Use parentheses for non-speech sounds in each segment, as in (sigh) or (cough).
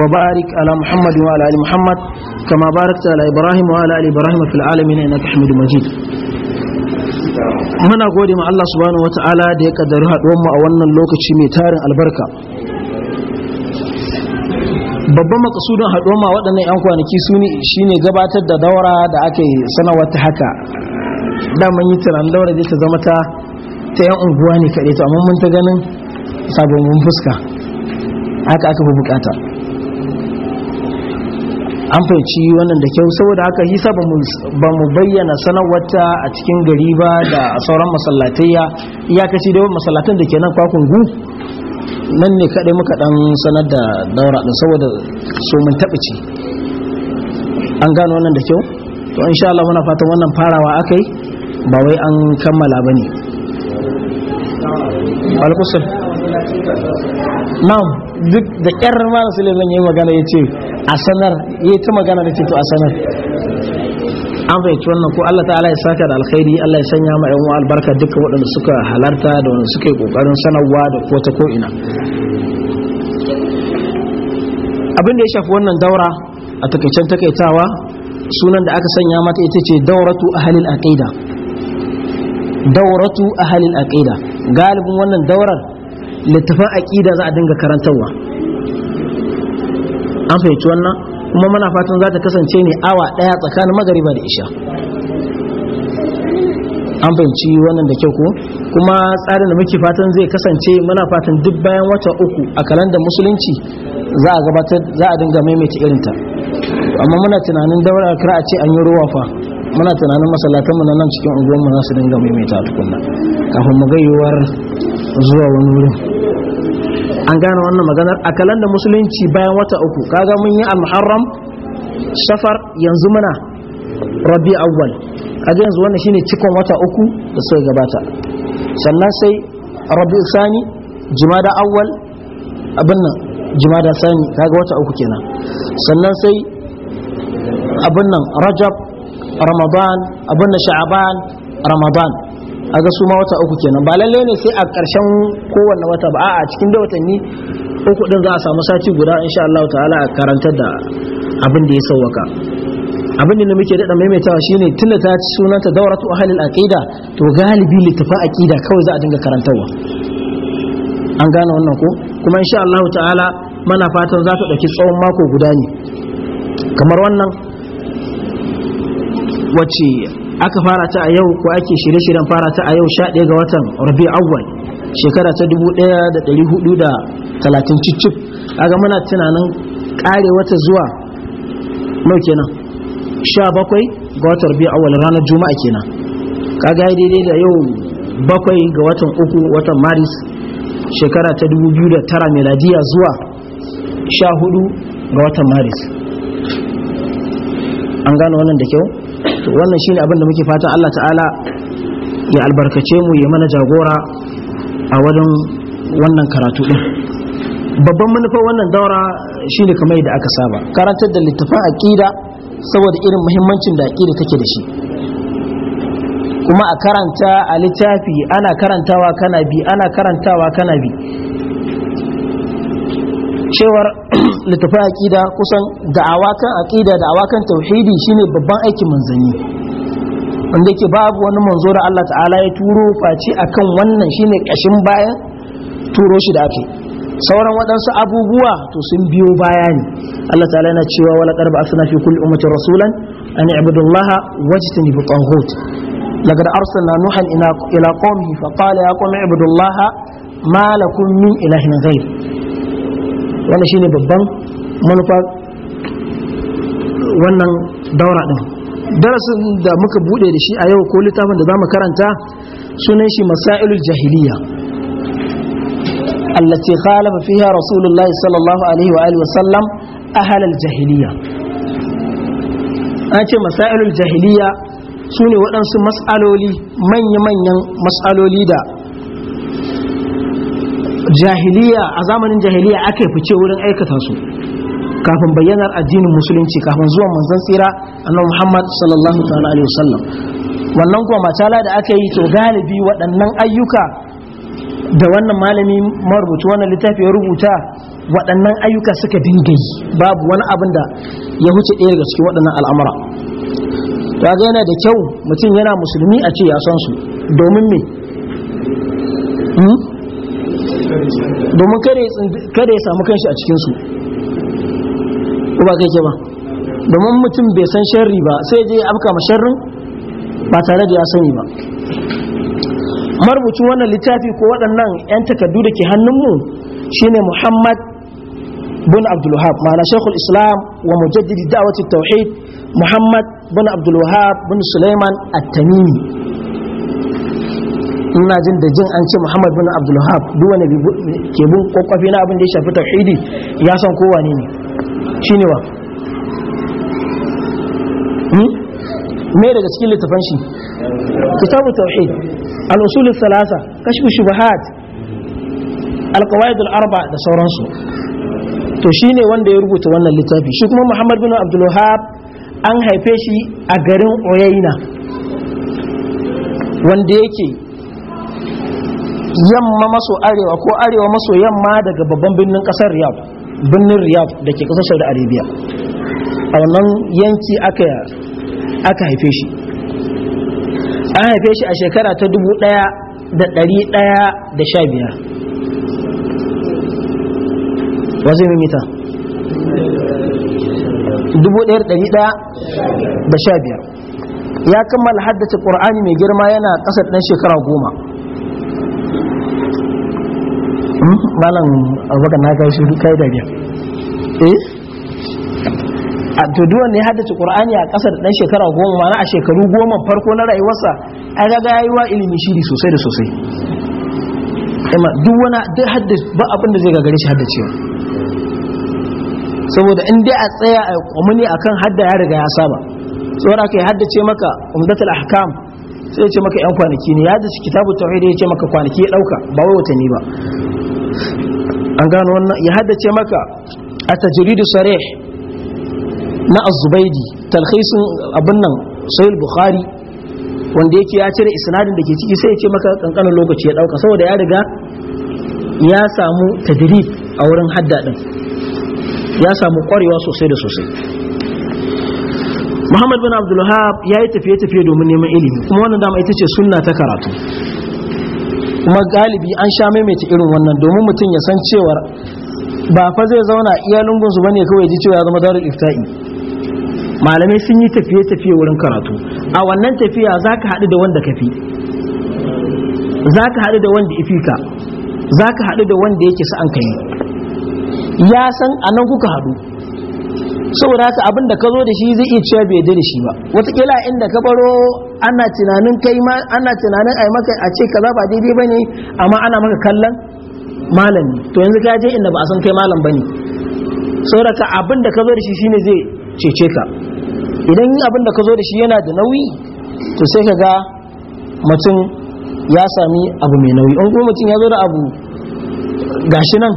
وبارك على محمد وعلى ال محمد كما باركت على ابراهيم وعلى ال ابراهيم في العالمين انك حميد مجيد muna gode ma Allah subhanahu wataala da ya kaddari haɗuwar mu a wannan lokaci mai tarin albarka babban makasudin haɗuwar ma waɗannan 'yan kwanaki su ne shine gabatar da daura da aka yi sanawar ta haka Da yi tunanin daura zai ta zama ta ta 'yan unguwa ne kaɗai to amma mun ta ganin mun fuska haka aka fi bukata an fahimci wannan da kyau saboda haka hisa ba mu bayyana sanarwata a cikin gari ba da sauran masallatayya iyakaci da masallatan da ke nan gu nan ne kaɗai muka ɗan sanar da daura ɗin saboda so mun taɓici an gano wannan da kyau to sha Allah muna fatan wannan farawa akai ba wai an kammala ba ne Nam duk da kyar mara sule ya yi magana ya ce a sanar ya ta magana da to a sanar an fahimci wannan ko Allah ta'ala ya saka da alkhairi Allah ya sanya ma yan albarka duka waɗanda suka halarta da wanda suka yi kokarin sanarwa da ko ta ko abin da ya shafi wannan daura a takaicen takaitawa sunan da aka sanya mata ita ce dauratu ahalil aqida dauratu ahalil aqida galibin wannan daurar littafin aƙida za a dinga karantarwa an fahimci wannan kuma muna fatan za ta kasance ne awa ɗaya tsakanin magariba da isha an fahimci wannan da kyau ko kuma tsarin da muke fatan zai kasance muna fatan duk bayan wata uku a kalandar musulunci za a gabatar za a dinga maimaita irinta amma muna tunanin daura kira a ce an yi ruwa fa muna tunanin masallatan mu nan cikin unguwar mu za su dinga maimaita tukunna kafin mu gayyuwar zuwa wani wurin an gane wannan maganar a kalanda musulunci bayan wata uku kaga mun yi al-muharram safar yanzu muna rabi awwal kaga yanzu wannan shine cikon wata uku da suka gabata sannan sai rabi sani jumada awwal abin nan jumada sani kaga wata uku kenan sannan sai abin nan rajab ramadan abin nan sha'aban ramadan a ga su ma wata uku kenan ba lalle ne sai a ƙarshen kowanne wata ba a cikin da watanni uku din za a samu sati guda insha Allah ta'ala a karantar da abin da ya sauwaka abin da muke daɗa maimaitawa shine tunda ta ci sunanta dauratu ahlil aqida to galibi litafa aqida kawai za a dinga karantarwa an gane wannan ko kuma insha Allah ta'ala mana fatan za ta ɗauki tsawon mako guda ne kamar wannan wacce aka fara ta a yau ko ake shirye-shiryen fara ta a yau 11 ga watan rabi awwal shekara ta 1430 a ga muna tunanin kare wata zuwa mai kenan 17 ga watan rabi awwal ranar juma'a kenan kaga ya daidai da yau bakwai ga watan uku watan maris shekara ta 2009 meladiya zuwa 14 ga watan maris an gano wannan da kyau to wannan shine abin da muke fatan Allah ta'ala ya albarkace mu ya mana jagora a wajen wannan karatu din babban manufar wannan daura shine kamar yadda aka saba karantar da littafin aqida saboda irin muhimmancin da aqida take da shi kuma a karanta a littafi ana karantawa kana bi ana karantawa kana bi cewar (clears throat) littafin aƙida kusan da awakan aƙida da awakan tauhidi shine babban aikin manzanni wanda yake babu wani manzo da Allah ta'ala ya turo face akan wannan shine ƙashin bayan turo shi da ake sauran waɗansu abubuwa to sun biyo baya ne Allah ta'ala yana cewa wala qarba asna fi kulli ummatin rasulan an ibudullaha wajtanibu taghut laqad arsalna nuhan ila ila qaumihi ilahin ghayr wannan shine babban manufa wannan daura din darasin da muka bude da shi a yau ko littafin da zamu karanta sunan shi masailul jahiliya allati khalafa fiha rasulullahi sallallahu alaihi wa alihi wa sallam ahlal jahiliya an ce masailul jahiliya su ne waɗansu mas'aloli manya-manyan mas'aloli da jahiliya a zamanin jahiliya aka fice wurin aikata su kafin bayyanar addinin musulunci kafin zuwa manzon tsira annabi Muhammad sallallahu ta'ala alaihi wasallam wannan kuma matala da aka yi to galibi waɗannan ayyuka da wannan malami marubuci wannan littafi ya rubuta waɗannan ayyuka suka dinga yi babu wani abin da ya huce ɗaya daga cikin waɗannan al'amura to ga yana da kyau mutum yana musulmi a ce ya san su domin me hmm? domin kada ya samu kanshi a cikinsu ba kai ke ba domin mutum bai san sharri ba sai je ya afka ma sharrin ba tare da ya sani ba marubucin wannan littafi ko waɗannan 'yan takardu da ke hannunmu shine muhammad bin abdulwahab ma'ana shekul islam wa mujaddidi da'awati tauhid muhammad bin abdulwahab bin suleiman at-tamimi ina jin da jin an ce muhammad bin abdulhab duk wani ke bin kwakwafi na abin da ya shafi tauhidi ya san kowa ne ne shi ne wa hmm? me daga cikin littafan shi kitabu tauhid al-usul salasa kashfu shubahat al-qawaid al-arba da sauransu to shi ne wanda ya rubuta wannan littafi shi kuma muhammad bin abdul an haife shi a garin oyaina wanda yake yamma maso arewa ko arewa maso yamma daga babban birnin kasar riyadh birnin riyadh da ke kasar saudi arabia a wannan yanki aka haife shi an haife shi a shekara ta 1115 wazin mita 1115 ya kammala haddace ƙur'ani mai girma yana ƙasar ɗan shekara goma malam abubakar na kai shi kai da biyar eh a to duk wanda ya haddace qur'ani a kasar dan shekara goma mana a shekaru goma farko na rayuwarsa ai ga gayuwa wa ilimi shiri sosai da sosai amma duk wani duk haddace ba abin da zai gagare shi haddacewa saboda in dai a tsaya a kwamuni akan hadda ya riga ya saba saboda kai haddace maka umdatul ahkam sai ya ce maka yan kwanaki ne ya haddace kitabu tauhid ya ce maka kwanaki ya dauka ba wai watanni ba an gano wannan ya haddace maka a tajiridu sare na azubaidi talhaisun talhisin abin nan sahih bukhari wanda yake ya cire isnadin da ke ciki sai ya ce maka kankanin lokaci ya dauka saboda ya riga ya samu tadrib a wurin haddadin ya samu kwarewa sosai da sosai Muhammad bin Abdulwahab ya yi tafiye-tafiye domin neman ilimi kuma wannan dama ita ce sunna ta karatu kuma galibi an sha maimaita irin wannan domin mutum ya san cewar ba fa zai zauna iya lungunsu ba ne kawai ji cewa ya zama darul ifta'i malamai sun yi tafiye-tafiye wurin karatu a wannan tafiya za ka haɗu da wanda ka fi za ka haɗu da wanda ifi ka za ka haɗu da wanda yake sa'an ka yi ya san a nan kuka haɗu saboda haka abin da ka zo da shi zai iya cewa bai da shi ba wataƙila inda ka baro ana tunanin kai ma ana tunanin ai maka a ce kaza ba daidai bane amma ana maka kallon malam to yanzu ka je inda ba a san kai malam bane saboda abin da ka zo da shi shine zai cece ka idan abin da ka zo da shi yana da nauyi to sai ka ga mutum ya sami abu mai nauyi in kuma mutum ya zo da abu gashi nan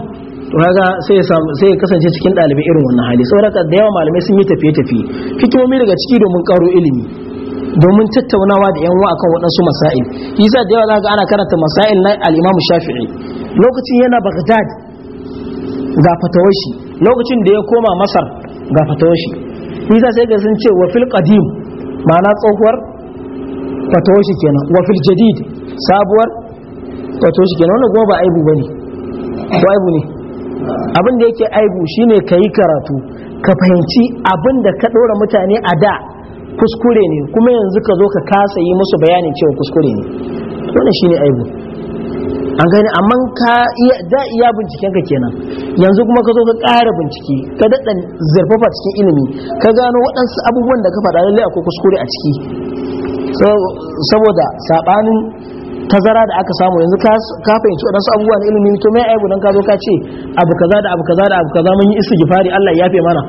to kaga sai sai ya kasance cikin ɗalibai irin wannan hali saboda da yawa malamai sun yi tafiye-tafiye hikimomi daga ciki domin karo ilimi domin tattaunawa da yan akan waɗansu masail yasa da yawa ga ana karanta masail na al-Imam Shafi'i lokacin yana Baghdad ga fatawashi lokacin da ya koma Masar ga fatawashi yasa sai ga sun ce wa fil qadim ma'ana tsohuwar fatawashi kenan wa fil jadid sabuwar fatawashi kenan wannan kuma ba aibu bane ko aibu ne abin da yake aibu shine yi karatu ka fahimci abin da ka ɗora mutane a da kuskure ne kuma yanzu ka zo ka kasa yi musu bayanin cewa kuskure ne wannan shine aibu an gani amma ka da iya binciken ka kenan yanzu kuma ka zo ka kara bincike ka daɗa zarfafa cikin ilimi ka gano waɗansu abubuwan da ka faɗa lallai akwai kuskure a ciki saboda saɓanin tazara da aka samu yanzu ka fahimci waɗansu abubuwa na ilimi to mai aibu don ka zo ka ce abu kaza da abu kaza da abu kaza mun yi istighfari Allah ya yafe mana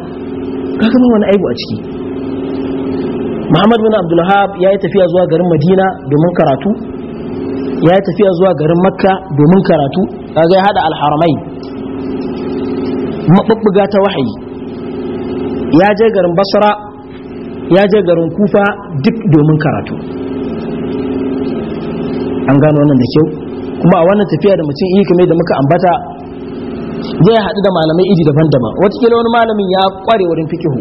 ka wani aibu a ciki muhammad bin abdulhab ya yi tafiya zuwa garin madina domin karatu ya yi tafiya zuwa garin makka domin karatu kaga ya hada alharamai maɓuɓɓuga ta wahayi ya je garin basra ya je garin kufa duk domin karatu an gano wannan da kyau kuma a wannan tafiya da mutum yi kamar da muka ambata zai haɗu da malamai iri daban-daban watakila wani malamin ya kware wurin fikihu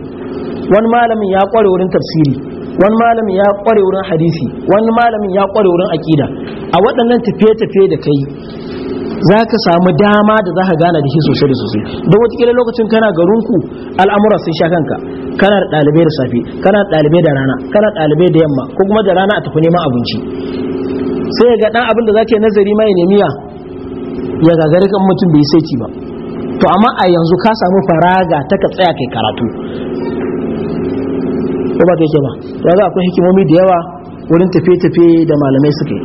wani malamin ya kware wurin tafsiri wani malamin ya kware wurin hadisi wani malamin ya kware wurin akida a waɗannan tafiye-tafiye da kai za ka samu dama da za ka gana da shi sosai da sosai don watakila lokacin kana garinku al'amura sun sha kanka kana da ɗalibai da safe kana da ɗalibai da rana kana da ɗalibai da yamma ko kuma da rana a tafi neman abinci sai ga ɗan abin da za ka nazari mai nemiya ya gagari kan mutum bai sai ci ba to amma a yanzu ka samu faraga ta ka tsaya kai karatu ko ba ta yake ba za ga akwai hikimomi da yawa wurin tafiye-tafiye da malamai suke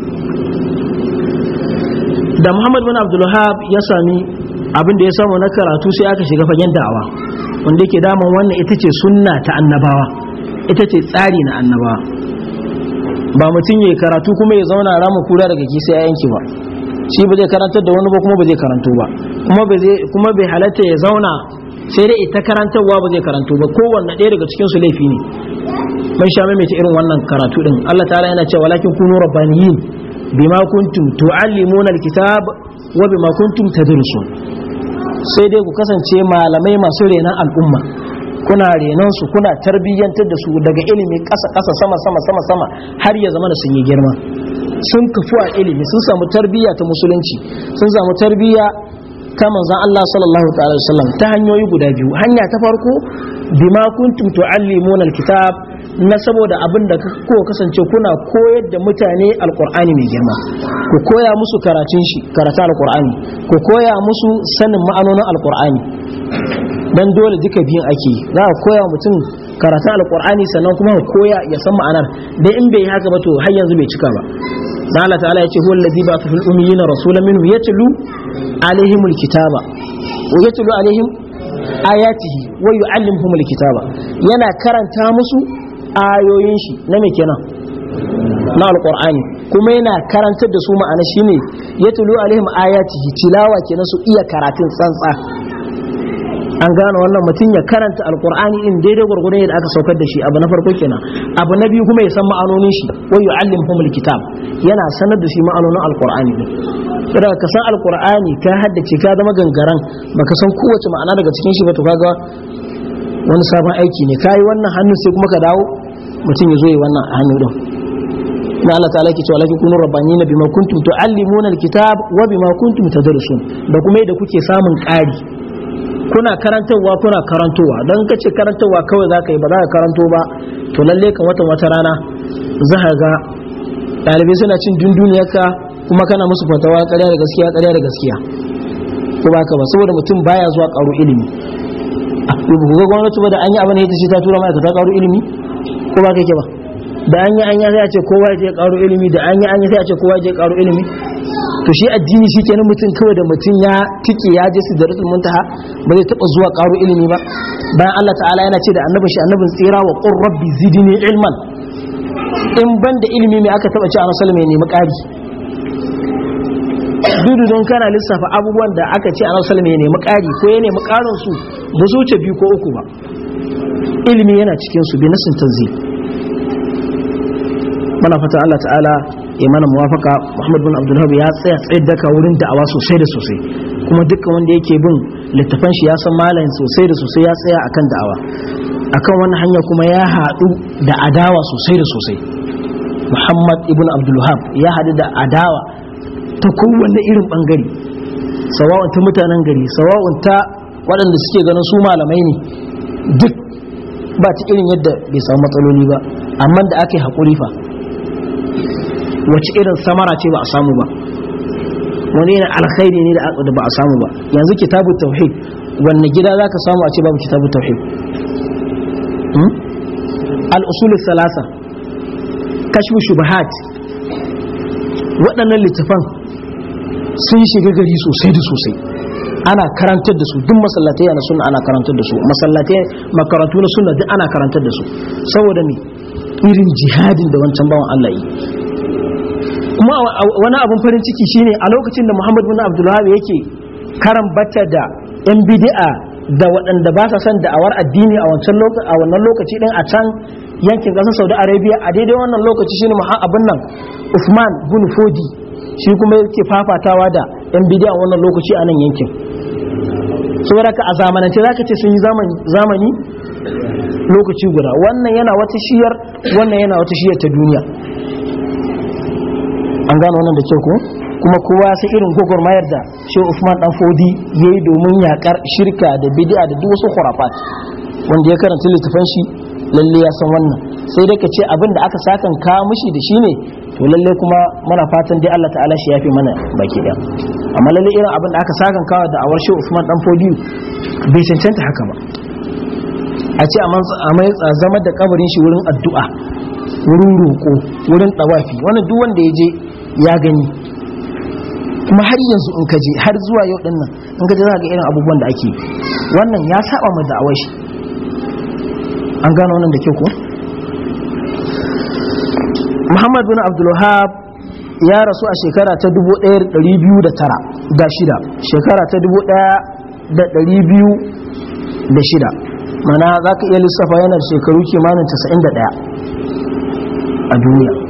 da muhammad bin abdulhab ya sami abin da ya samu na karatu sai aka shiga fagen da'awa wanda yake daman wannan ita ce sunna ta annabawa ita ce tsari na annabawa ba mutum ya karatu kuma ya zauna rama kura daga kisa ya yanki ba shi ba zai karantar da wani ba kuma ba zai karanto ba kuma bai halatta ya zauna sai dai ita karantarwa ba zai karanto ba kowanne ɗaya daga cikin su laifi ne mun sha mai irin wannan karatu din Allah ta'ala yana cewa walakin kunu rabbaniyin bima kuntum tu'allimuna alkitab wa bima kuntum tadrusun sai dai ku kasance malamai masu renon al'umma kuna renon su kuna tarbiyyantar da su daga ilimi ƙasa ƙasa sama sama sama sama har ya zama da sun yi girma sun kafu a ilimi sun samu tarbiyya ta musulunci sun samu tarbiyya ta manzan Allah sallallahu ta'ala wasallam ta hanyoyi guda biyu hanya ta farko bima kuntum tu'allimuna alkitab na saboda abin da ko kasance kuna koyar da mutane alqur'ani mai girma ku koya musu karatun shi karatu alqur'ani ku koya musu sanin ma'anonin alqur'ani dan dole duka biyan ake za a koya mutum karatun alqur'ani sannan kuma koya ya san ma'anar da in bai haka ba to har yanzu bai cika ba dan Allah ta'ala yace huwa allazi ba fil ummiyina rasulan minhum yatlu alaihim alkitaba wa yatlu alaihim ayatihi wa yuallimuhum alkitaba yana karanta musu ayoyin shi na me kenan na alqur'ani kuma yana karantar da su ma'ana shine yatlu alaihim ayatihi tilawa kenan su iya karatun tsantsa an gane wannan mutum ya karanta alqur'ani in daidai gurgurun yadda aka saukar da shi abu na farko kenan abu na biyu kuma ya san ma'anonin shi wa yu'allimuhumul kitab yana sanar da shi ma'anonin alqur'ani ne idan ka san alqur'ani ka haddace ka zama gangaran baka san kowace ma'ana daga cikin shi ba to kaga wani sabon aiki ne kayi wannan hannu sai kuma ka dawo mutum ya zo yi wannan hannu din na Allah ta'ala ke cewa lafi kunu rabbani na bima kuntum tu'allimuna alkitab wa bima kuntum tadrusun da kuma da kuke samun ƙari kuna karantarwa kuna karantowa don ka ce karantarwa kawai za ka yi ba za ka karanto ba to lalle ka watan wata rana za ka ga ɗalibai suna cin dunduniyar ka kuma kana musu fatawa ƙarya da gaskiya ƙarya da gaskiya ko ba ka ba saboda mutum baya zuwa ƙaro ilimi ku ga gwamnati ba da an yi abin da ya ce ta tura ma'aikata ƙaro ilimi ko ba ka ke ba da an yi an yi sai a ce kowa ya je ƙaro ilimi da an yi an yi sai a ce kowa ya je ƙaro ilimi to shi addini shi kenan mutum kawai da mutum ya tike ya je su da rasul muntaha ba zai taba zuwa karo ilimi ba bayan Allah ta'ala yana ce da annabin shi annabin tsira wa qur rabbi zidni ilman in ban da ilimi mai aka taba ci a rasul mai nemi ƙari dudu don kana lissafa abubuwan da aka ce a rasul mai nemi ƙari ko ya nemi karin su ba su wuce biyu ko uku ba ilimi yana cikin su bi nasin tanzi muna fata Allah ta'ala imana muwafaka muhammad bin abdullahi ya tsaya tsayar daga wurin da'awa sosai da sosai kuma duka wanda yake bin littafan shi ya san malayin sosai da sosai ya tsaya akan da'awa akan wani hanya kuma ya haɗu da adawa sosai da sosai muhammad ibn abdullahab ya haɗu da adawa ta kowane irin bangare sawawan ta mutanen gari sawawan ta waɗanda suke ganin su malamai ne duk ba ta irin yadda bai samu matsaloli ba amma da ake haƙuri fa wace irin samara ce ba a samu ba wani yana alkhairi ne da ba a samu ba yanzu kitabu tauhid wanne gida za ka samu a ce babu kitabu tauhid hmm? al-usul salasa kashfu shubahat waɗannan littafan sun shiga gari sosai da sosai ana karantar da su duk masallatai na sunna ana karantar da su masallatai makarantu na sunna duk ana karantar da su saboda me irin jihadin da wancan bawan Allah yi amma wani abin farin ciki shine a lokacin da muhammad bin abdullahi yake karan bata da yan bidi'a da waɗanda ba sa son da'awar addini a wannan lokaci din a can yankin ƙasar saudi arabia a daidai wannan lokaci shine abin nan usman bin fodi shi kuma ke fafatawa da yan bidi'a wannan lokaci a nan yankin saboda a zamanance zaka ce sun yi zamani lokaci guda wannan yana wata shiyar wannan yana wata shiyar ta duniya an gano wannan da kyau ko kuma kowa sai irin mayar da shi usman dan fodi yayi domin yakar shirka da bid'a da duk wasu khurafat wanda ya karanta littafin shi lalle ya san wannan sai dai ka ce abin da aka saka ka mushi da shi ne to lalle kuma muna fatan dai Allah ta'ala shi yafi mana baki da amma lalle irin abin da aka saka kawo da awar shi usman dan fodi bai cancanta haka ba a ce a zama da kabarin shi wurin addu'a wurin roƙo wurin ɗawafi wannan duk wanda ya je ya gani kuma har yanzu in kaje har zuwa yau din nan in kaje za ka ga irin abubuwan da ake wannan ya saba mu da shi an gano wannan da ke ko Muhammad bin Abdul Wahab ya rasu a shekara ta 1209 da shida shekara ta 1200 da shida mana za ka iya lissafa yana shekaru kimanin 91 a duniya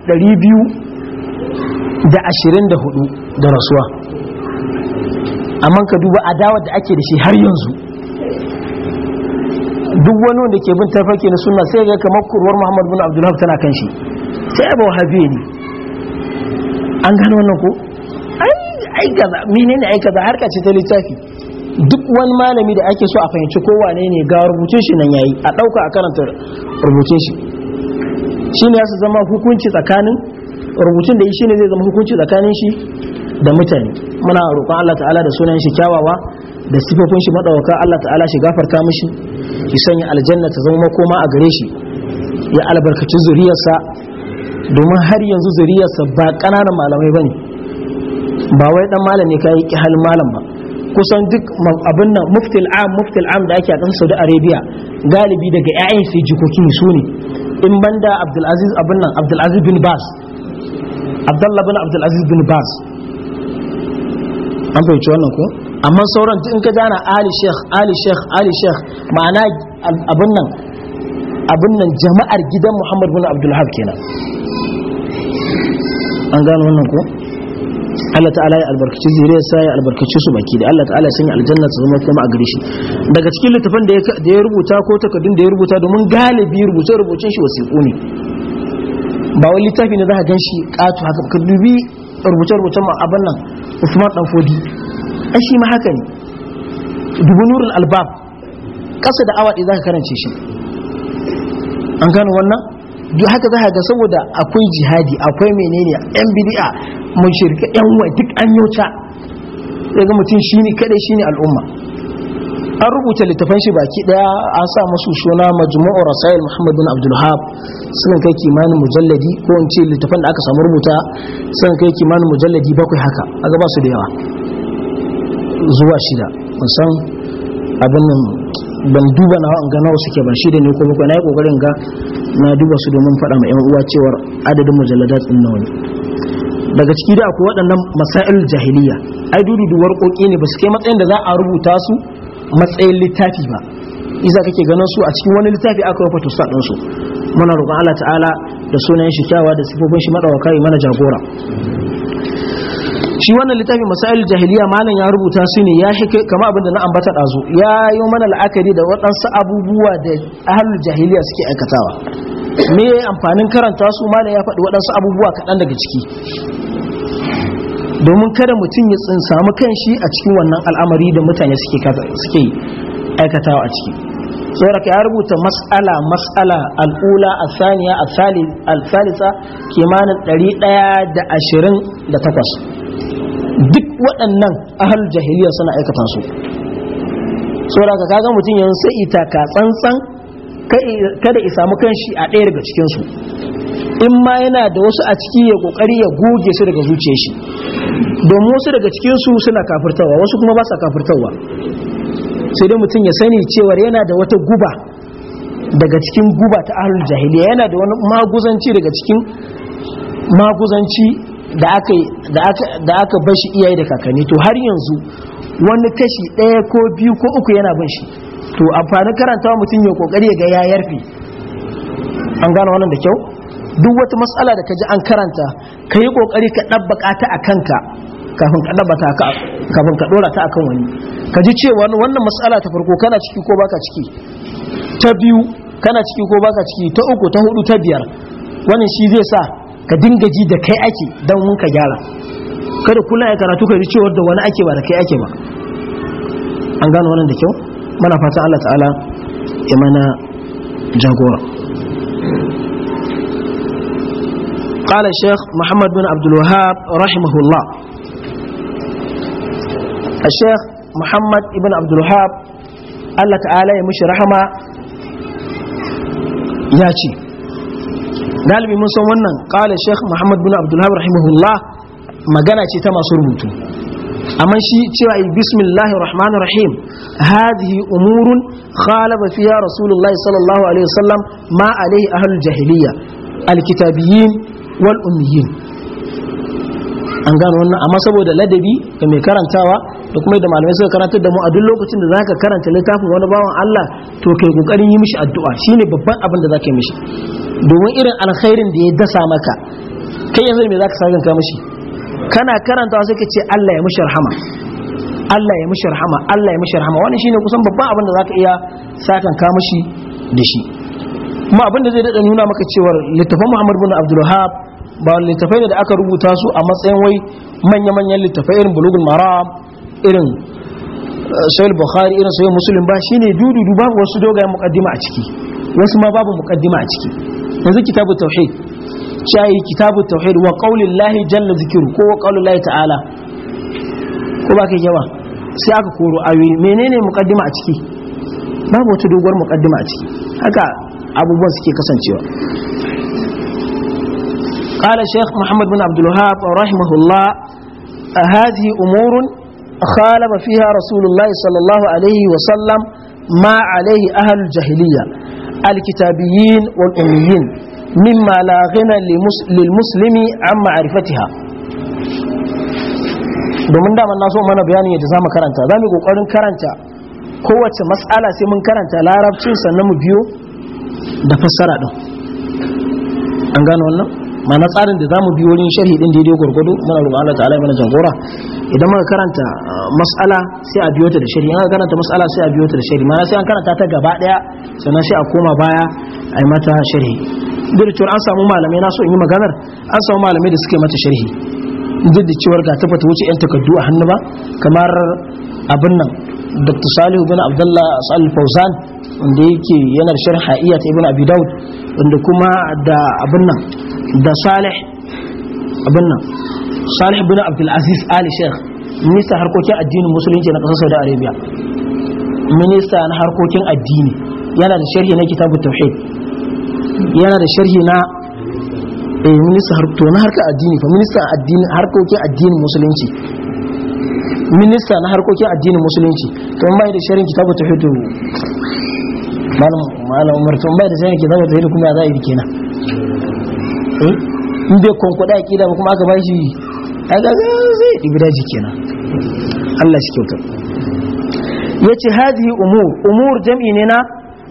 224 da rasuwa amma ka duba adawar da ake da shi har yanzu duk wani wanda ke bin tafarki na suna sai ga kamar kurwar muhammadu bin abdullahi tana kan shi sai bawa habiye ne an gano wannan ko menene harka ce ta littafi duk wani malami da ake so a fahimci kowane ne ga rubutun shi nan yayi a ɗauka a karanta rubutun shi shine ya su zama hukunci tsakanin rubutun da shi ne zai zama hukunci tsakanin shi da mutane muna roƙon Allah ta'ala da sunan shi kyawawa da sifofin shi madawaka Allah ta'ala shi gafarta mishi shi sanya aljanna ta zama makoma a gare shi ya albarkaci zuriyarsa domin har yanzu zuriyarsa ba ƙananan malamai bane ba wai dan malam ne kai hal malam ba kusan duk abin nan muftil am muftil am da ake a kan Saudi Arabia galibi daga 'ya'yan su jikoki su ne in banda abdulaziz abin nan abdulaziz bin bas abdullah bin abdulaziz bin bas an fahimci wannan ko amma sauran in ka jana ali sheikh ali sheikh ali sheikh ma'ana abin nan abin nan jama'ar gidan muhammad bin abdulhab kenan an gano wannan ko Allah ta'ala ya albarkaci zuriyar sa ya albarkaci su baki da Allah ta'ala sun yi aljanna su zama kuma a gare shi daga cikin littafin da ya rubuta ko takardun da ya rubuta domin galibi rubuce rubucin shi wasiƙu ne ba wani littafi ne za ka ganshi ƙato haka ka dubi rubuce rubucen ma abin nan Usman dan Fodi ai shi ma haka ne dubu nurul albab kasa da awa ɗaya za ka karance shi an gano wannan duk haka za ga saboda akwai jihadi akwai menene yan bid'a mun shirka yan wai duk an yauta ga mutum shine kada shine al'umma an rubuta littafan shi baki daya an sa musu suna majmu'u rasail muhammad bin abdul hab sun kai kimanin mujalladi ko in ce littafan da aka samu rubuta sun kai kimanin mujalladi bakwai haka aga ba su da yawa zuwa shida musan abin nan ban duba na in ga suke ba shida ne ko bakwai na yi kokarin ga na duba su domin faɗa ma yan uwa cewar adadin mujallada din nawa ne daga ciki da akwai waɗannan masail jahiliya ai dudu warƙoƙi ne ba su kai matsayin da za a rubuta su matsayin littafi ba iza kake ganin su a cikin wani littafi aka rufa tusa ɗin su muna roƙon Allah ta'ala da sunayen shi kyawa da sifofin shi madawaka mana jagora shi wannan littafin masail jahiliya malam ya rubuta su ne ya shi kama abin da na ambata ɗazu ya yi mana la'akari da waɗansu abubuwa da ahalul jahiliya suke aikatawa me amfanin karanta su malam ya faɗi waɗansu abubuwa kaɗan daga ciki domin kada mutum ya samu shi a cikin wannan al'amari da mutane suke aikatawa a ciki saboda ya rubuta mas'ala mas'ala al'ula al Saniya al Salisa kimanin 128 duk waɗannan ahal jahiliyar suna aikata su saboda ka kaga mutum yanzu sai ita ka tsantsan kada isa samu kanshi a ɗaya daga cikinsu, in ma yana da wasu a ciki ya ƙoƙari ya goge su daga zuciyar shi domin wasu daga cikinsu suna kafirtawa wasu kuma ba sa kafirtawa sai dai mutum ya sani cewar yana da wata guba daga cikin guba ta ahlul jahiliya yana da wani maguzanci daga cikin maguzanci da aka da aka bashi iyaye da kakanni to har yanzu wani kashi ɗaya ko biyu ko uku yana bin shi to amfanin karantawa mutum ya kokari ya ga ya yarfi an gano wannan da kyau duk wata matsala da ka ji an karanta ka yi kokari ka ɗabbaka ta a kanka kafin ka ɗabata kafin ka ɗora ta akan wani ka ji cewa wannan matsala ta farko kana ciki ko baka ciki ta biyu kana ciki ko baka ciki ta uku ta hudu ta biyar wannan shi zai sa ka dinga ji da kai ake don mun ka gyara kada kula ya karatu ka ji cewa da wani ake ba da kai ake ba an gano wannan da kyau mana fatan Allah ta'ala ya mana jagora قال الشيخ محمد بن عبد الوهاب رحمه الله الشيخ محمد ابن عبد الوهاب الله تعالى يمشي رحمه ياتي dalibi mun san wannan kala sheikh muhammad bin abdullahi rahimahullah magana ce ta masu rubutu amma shi cewa yi bismillahi rahman rahim hadhihi umurun khalaba fiya rasulullahi sallallahu alaihi wasallam ma alaihi ahlul jahiliya alkitabiyin wal ummiyin an gano wannan amma saboda ladabi ga mai karantawa da kuma yadda malamai suka karantar da mu a duk lokacin da zaka karanta littafin wani bawan Allah to kai kokarin yi mishi addu'a shine babban abin da zaka yi mishi domin irin alkhairin da ya dasa maka kai yanzu me zaka saka ka mishi kana karanta sai ka ce Allah ya mishi rahama Allah ya mishi rahama Allah ya mishi rahama wannan shine kusan babban abin da zaka iya sakan ka mishi da shi kuma abin da zai dada nuna maka cewar littafin Muhammad bin Abdulwahab, Wahhab ba littafai ne da aka rubuta su a matsayin wai manya-manyan littafai irin bulugul maram irin eh, sahih bukhari irin sahih muslim ba shine dududu babu wasu dogayen muqaddima a ciki wasu ma babu muqaddima a ciki yanzu kitabu tauhid shayi kitabu tauhid wa qaulillahi jalla zikru ko wa qaulillahi ta'ala ko ba kai yawa sai aka koro ayoyi menene muqaddima a ciki babu wata doguwar muqaddima a ciki haka abubuwan suke kasancewa قال الشيخ محمد بن عبد الوهاب رحمه الله هذه أمور خالف فيها رسول الله صلى الله عليه وسلم ما عليه أهل الجاهلية الكتابيين والأميين مما لا غنى للمسلم عن معرفتها domin daman na so mana bayanin yadda za karanta zamu kokarin karanta kowace mas'ala sai mun karanta larabcin sannan mu biyo da fassara din an gano wannan mana tsarin da zamu bi wurin sharhi din daidai gurgudu muna roƙon Allah ta'ala mana jagora idan muka uh, karanta mas'ala sai a biyo ta da sharhi an karanta mas'ala sai a biyo ta da sharhi mana sai an karanta ta gaba daya sannan sai a koma baya a yi mata sharhi duk an samu malamai na so in yi maganar an samu malamai da suke mata sharhi duk da cewar ga tabbata wuce yan takardu a hannu ba kamar abin nan dr salihu bin abdullah sal fawzan wanda yake yanar sharha iya ta ibn abi daud wanda kuma da abin nan da salih abinna salih bin abdulaziz ali sheikh minista harkokin addinin musulunci na ƙasar saudi arabia minista na harkokin addini yana da sharhi na kitabu tauhid yana da sharhi na eh minista to na harkar addini fa minista addini harkokin addinin musulunci minista na harkokin addinin musulunci to bai da sharhin kitabu tauhid malam malam umar to bai da sharhin kitabu tauhid kuma ya zai kenan eh in bai konkwada aqida ba kuma aka bashi kaga zai dibi daji kenan Allah shi Ya yace hadhihi umur umur jam'i ne na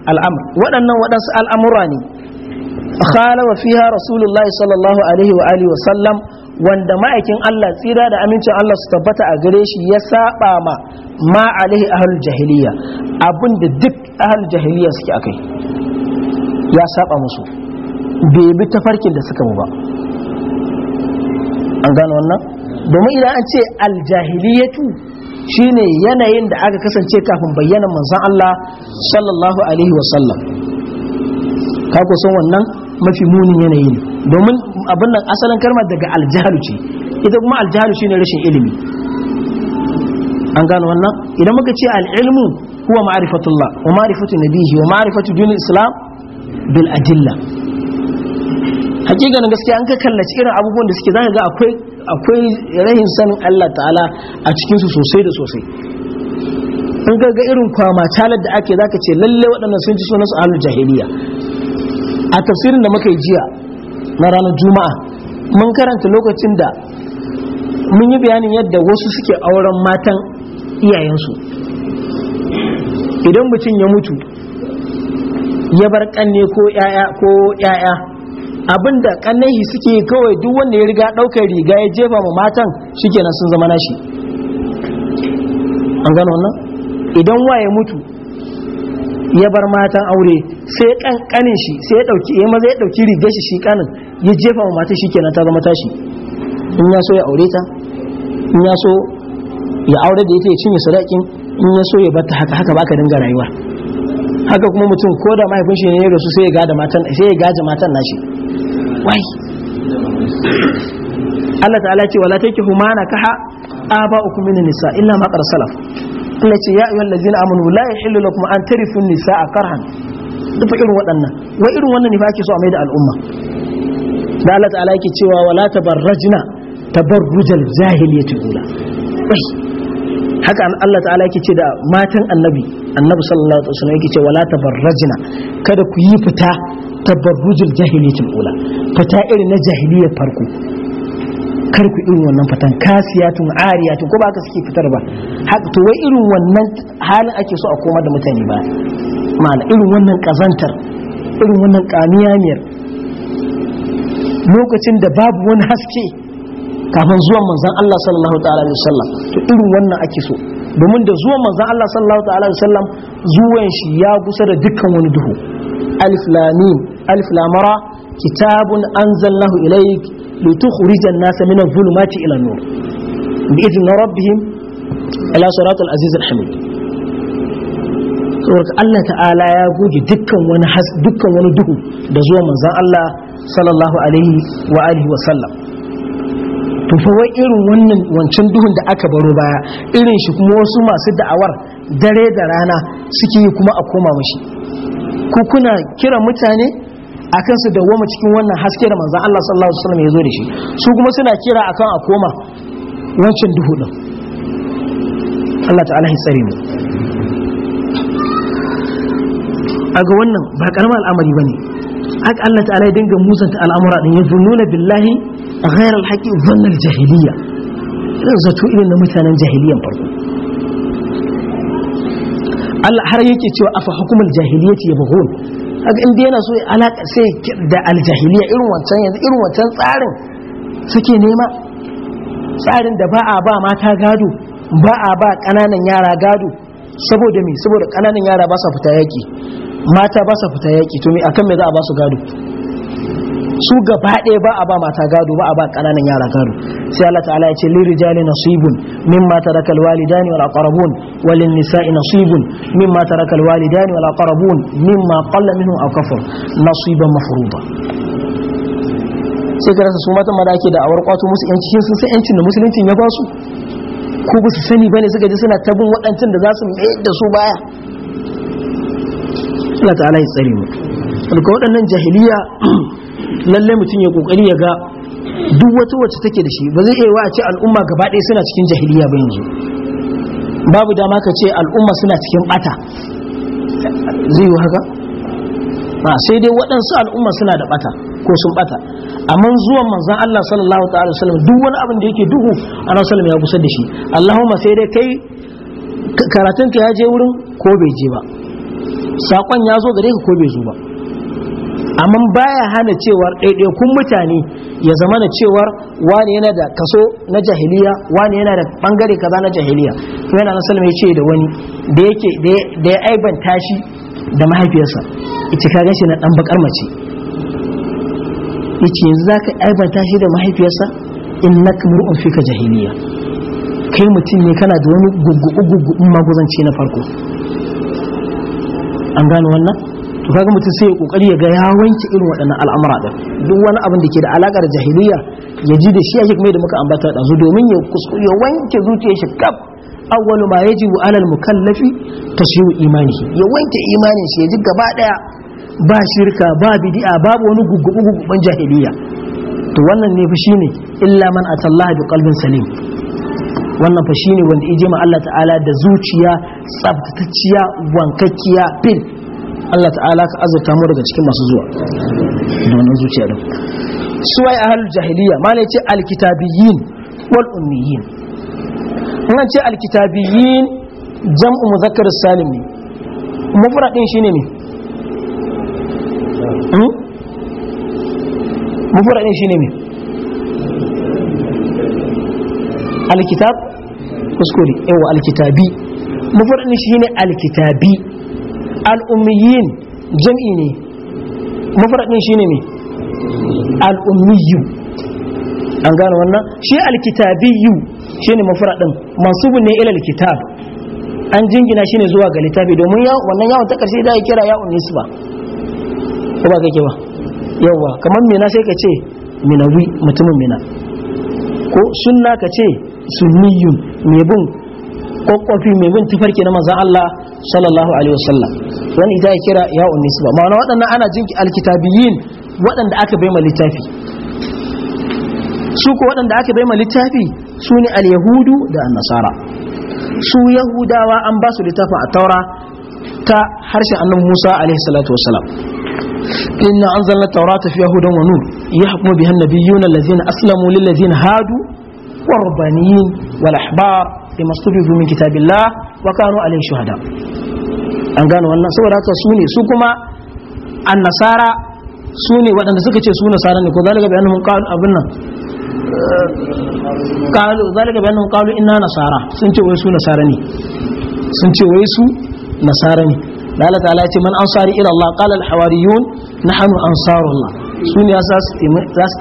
Al'amur. waɗannan waɗansu al'amura ne khalawa fiha rasulullahi sallallahu alaihi wa alihi wa sallam wanda ma'aikin Allah tsira da amincin Allah su tabbata a gare shi ya saba ma ma alaihi ahlul jahiliya abinda duk ahlul jahiliya suke akai ya saba musu bai bi farkin da suka mu ba an gano wannan domin idan an ce aljahiliyatu shine yanayin da aka kasance kafin bayyana manzon Allah sallallahu alaihi wasallam ka ku san wannan mafi munin yanayi ne domin abin nan asalin karma daga aljahalu ce ita kuma aljahalu shine rashin ilimi an gano wannan idan muka ce al'ilmu huwa ma'rifatullah wa ma'rifatu nabihi wa ma'rifatu dinil islam bil adilla na gaskiya an ka kallaci irin abubuwan da suke zaka ga akwai akwai rahin sanin Allah ta'ala a cikinsu su sosai da sosai in ga ga irin kwama talar da ake zaka ce lalle waɗannan sun ci sunan su ahlul jahiliya a tafsirin da muka yi jiya na ranar juma'a mun karanta lokacin da mun yi bayanin yadda wasu suke auren matan iyayensu idan mutum ya mutu ya bar kanne ko yaya ko yaya Abin da kannaihi suke kawai duk wanda ya riga daukar riga ya jefa ma matan shikenan sun zama nashi an gano wannan idan waye mutu ya bar matan aure sai kanin shi sai ya dauki ya maza ya dauki rigar shi shi kanin ya jefa ma matan shikenan ta zama tashi in ya so ya aure ta in ya so ya aure da ita ya cinye sadakin in ya so ya bata haka haka baka dinga rayuwa haka kuma mutum ko da mahaifin shi ne ya rasu sai ya gada matan sai ya gaji matan nashi wai Allah ta'ala ce wala take humana kaha aba'ukum min nisa illa ma qad salaf Allah ce ya ayyuhal ladzina amanu la yahillu lakum an tarifu a karhan duk irin waɗannan wai irin wannan ne fa ake so a mai da al'umma da Allah ta'ala yake cewa wala tabarrajna tabarrujal jahiliyyati ula wai haka Allah ta'ala yake ce da matan annabi annabi sallallahu alaihi wasallam yake ce wala tabarrajna kada ku yi fita tabarrujul jahiliyyati ula fata irin na jahiliyar farko kar ku irin wannan fatan kasiyatun ariyatun ko ba ka suke fitar ba haka to wai irin wannan halin ake so a komar da mutane ba ma'ana irin wannan kazantar irin wannan kamiyamiyar lokacin da babu wani haske kafin zuwan manzan Allah sallallahu ta'ala alaihi wasallam to irin wannan ake so domin da zuwan manzan Allah sallallahu ta'ala alaihi wasallam zuwan shi ya gusa da dukkan wani duhu alif lam alif lam kitabun anzalnahu ilayk litukhrijan nasa min adh-dhulumati ila an-nur bi idhni rabbihim ila siratal aziz al saboda Allah ta'ala ya goge dukkan wani dukkan wani duhu da zuwa manzan Allah sallallahu alaihi wa alihi wa sallam to fa irin wannan wancan duhun da aka baro baya irin shi kuma wasu masu da'awar dare da rana suke yi kuma a koma mashi ku kuna kira mutane akan su dawwama cikin wannan haske da manzon Allah sallallahu alaihi wasallam ya zo da shi su kuma suna kira akan a koma wancan duhu din Allah ta'ala ya tsare mu a ga wannan ba karamar al'amari ba ne. haka Allah ta'ala ya dinga musanta al'amura din ya zununa billahi ghayr al-haqi dhanna jahiliya irin zato irin na mutanen jahiliyan farko Allah har yake cewa afa hukumul ya yabghun haka inda yana so alaka sai da aljahiliya irin wancan yanzu irin wancan tsarin suke nema tsarin da ba a ba mata gado ba a ba kananan yara gado saboda me saboda kananan yara ba sa fita yaki mata ba sa fita yaki to me akan me za a ba su gado su gaba ɗaya ba a ba mata gado ba a ba ƙananan yara gado sai Allah ta'ala ya ce lirijali nasibun mimma taraka alwalidani wal aqrabun walin nisa'i nasibun mimma taraka alwalidani wal aqrabun mimma qalla minhu aw kafar nasiban mafruḍa sai ka rasa su matan ma da ake da awar kwato musu yanci sun san yancin da musulunci ya ba su ko ba su sani bane suka ji suna tabin waɗancan da za su mayar da su baya Allah ta'ala ya tsare mu daga waɗannan jahiliya Lallai mutum ya kokari ya ga duk wata wacce take da shi ba zai iya a ce al'umma gaba ɗaya suna cikin jahiliya ba yanzu babu dama ka ce al'umma suna cikin bata zai yi haka ba sai dai waɗansu al'umma suna da bata ko sun bata amma zuwan manzon Allah sallallahu ta'ala wasallam duk wani abin da yake duhu ana sallam ya gusar da shi Allahumma sai dai kai ka ya je wurin ko bai je ba saƙon ya zo gare ka ko bai zo ba amma baya hana cewar ɗaiɗaikun mutane ya zama na cewar wani yana da kaso na jahiliya wani yana da bangare kaza na jahiliya kuma yana nasalama ya ce da wani da ya aibanta shi da mahaifiyarsa ita ka gashi na dan bakar mace yace yanzu zaka aibanta shi da mahaifiyarsa innaka mur'un ka jahiliya kai mutum ne kana da wani gugu gugu maguzanci na farko an gano wannan to kaga mutum sai ya kokari ya ga ya wanke irin waɗannan al'amura din duk wani abin da ke da alaka da jahiliya ya ji da shi ya kuma da muka ambata da su domin ya kuskure ya wanke zuciyar shi kaf awwalu ma yajibu alal mukallafi tashiyu imanihi ya wanke imanin shi ya ji gaba daya ba shirka ba bid'a babu wani gugubu guguban jahiliya to wannan ne fa ne illa man atallaha bi qalbin salim wannan fa shine wanda ije ma Allah ta'ala da zuciya tsaftatacciya wankakkiya fil Allah ta'ala ka azurta mu daga cikin masu zuwa da wannan zuciya su wai ahlul jahiliya ma ne ce alkitabiyyin wal ummiyyin nan ce alkitabiyyin jam'u muzakkar salim ne mufradin shine ne hmm? mufradin shine ne alkitab kuskure yawa alkitabi mufradin shine alkitabi al'ummiyin jam'i ne mafaraɗin shi ne al'ummiyu an gane wannan shi alkitabiyu shine Masu mansubun ne ila alkitab an jingina shi ne zuwa ga littafi domin wannan yawon ta ƙarshe da ya kira yawon ba ko ba kake ba yawa kamar mina sai ka ce minawi mutumin mina ko sunna ka ce sunniyun mai bin kwakwafi mai bin tufarki na maza Allah sallallahu alaihi wasallam wani ita ya kira ya ba ma'ana waɗannan ana jin alkitabiyin waɗanda aka bai ma littafi su ko waɗanda aka bai ma littafi su ne al da nasara su yahudawa an ba su littafin a taura ta harshen annabi Musa alaihi salatu wasalam inna anzalna tawrata fiha hudan wa nur yahkumu biha nabiyyuna allazina aslamu lil ladzina hadu warbanin wal ahbar bima min kitabillah wa kanu alaihi shuhada an gane wannan saboda haka su ne su kuma annasara su ne waɗanda suka ce su nasara ne ko zalika bi annahum qalu abin nan qalu zalika bi annahum qalu inna nasara sun ce wai su nasara ne sun ce wai su nasara ne lalata ala ce man ansari ila Allah qala al hawariyun nahnu ansarullah su ne za su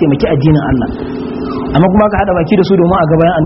taimaki addinin Allah amma kuma aka hada baki da su domin a gabayan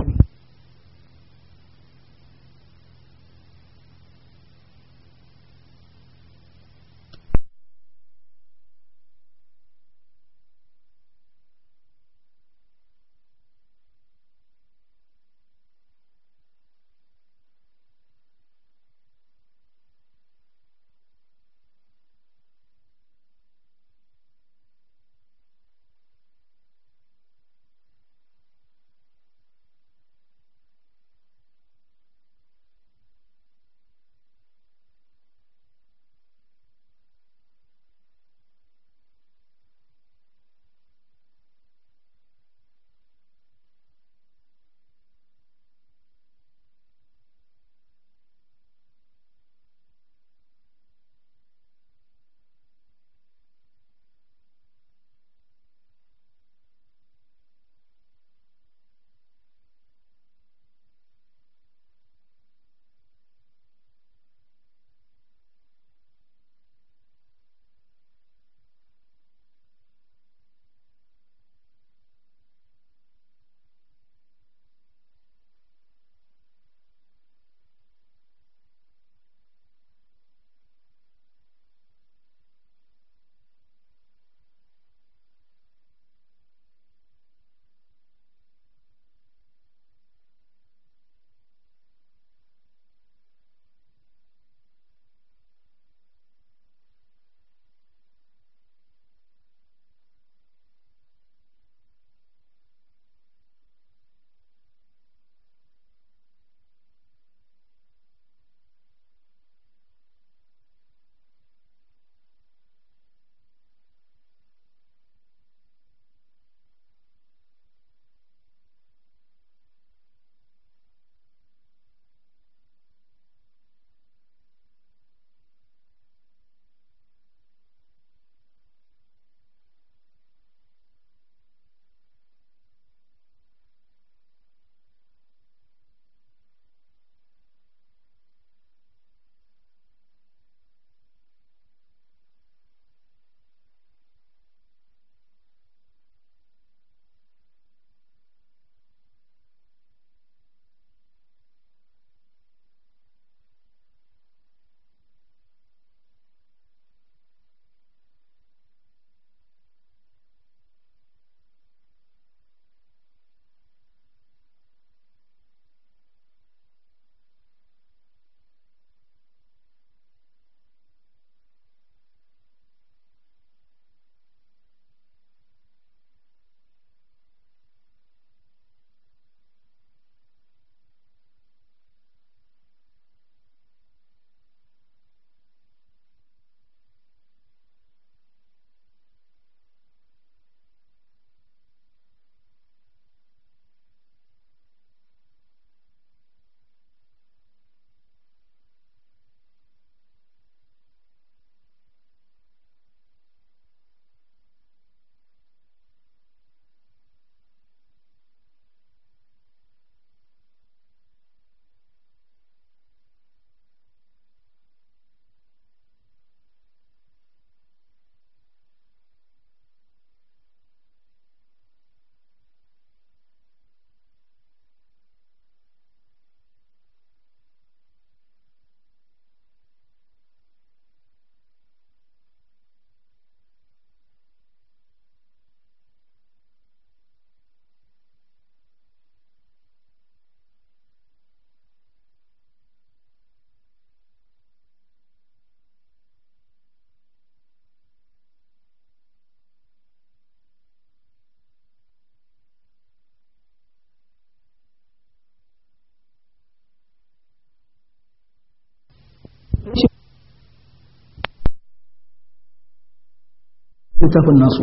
littafin nasu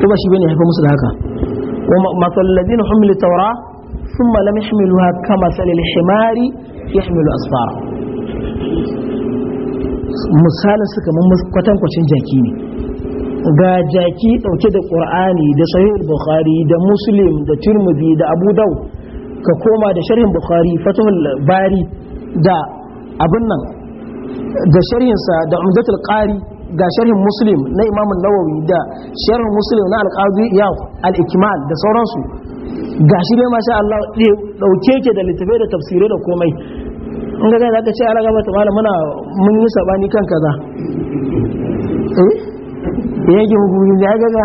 ko ba shi bane haifa musu da haka wa masal ladina humilu tawra thumma lam yahmiluha kama salil himari yahmilu asfara misalin su kamar kwatankwacin jaki ne ga jaki dauke da qur'ani da sahih bukhari da muslim da tirmidhi da abu daw ka koma da sharhin bukhari fatahul bari da abin nan da sharhinsa da umdatul qari ga sharhin muslim na imam nawawi da sharhin muslim na alqazi ya al-ikmal da sauransu ga shi dai masha Allah dauke ke da littafai da tafsirai da komai in ga zaka ce ala gaba ta muna mun yi sabani kan kaza eh ji mu ya ga ga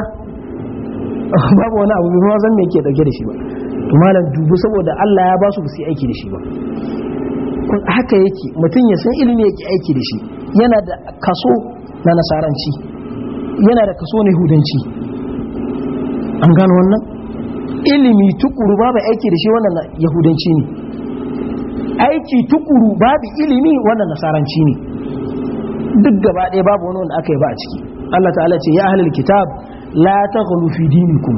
(laughs) babu wani abu ba zan me ke dauke da shi ba to malam dubu saboda Allah ya ba su su aiki da shi ba haka yake mutum ya san ilimi yake aiki da shi yana da kaso na nasaranci yana da kaso na yahudanci an gano wannan ilimi tukuru babu aiki da shi wannan yahudanci ne aiki tukuru babu ilimi wannan nasaranci ne duk gaba ɗaya babu wani wanda aka yi ba a ciki Allah ta'ala ce ya ahlul kitab la taghlu fi dinikum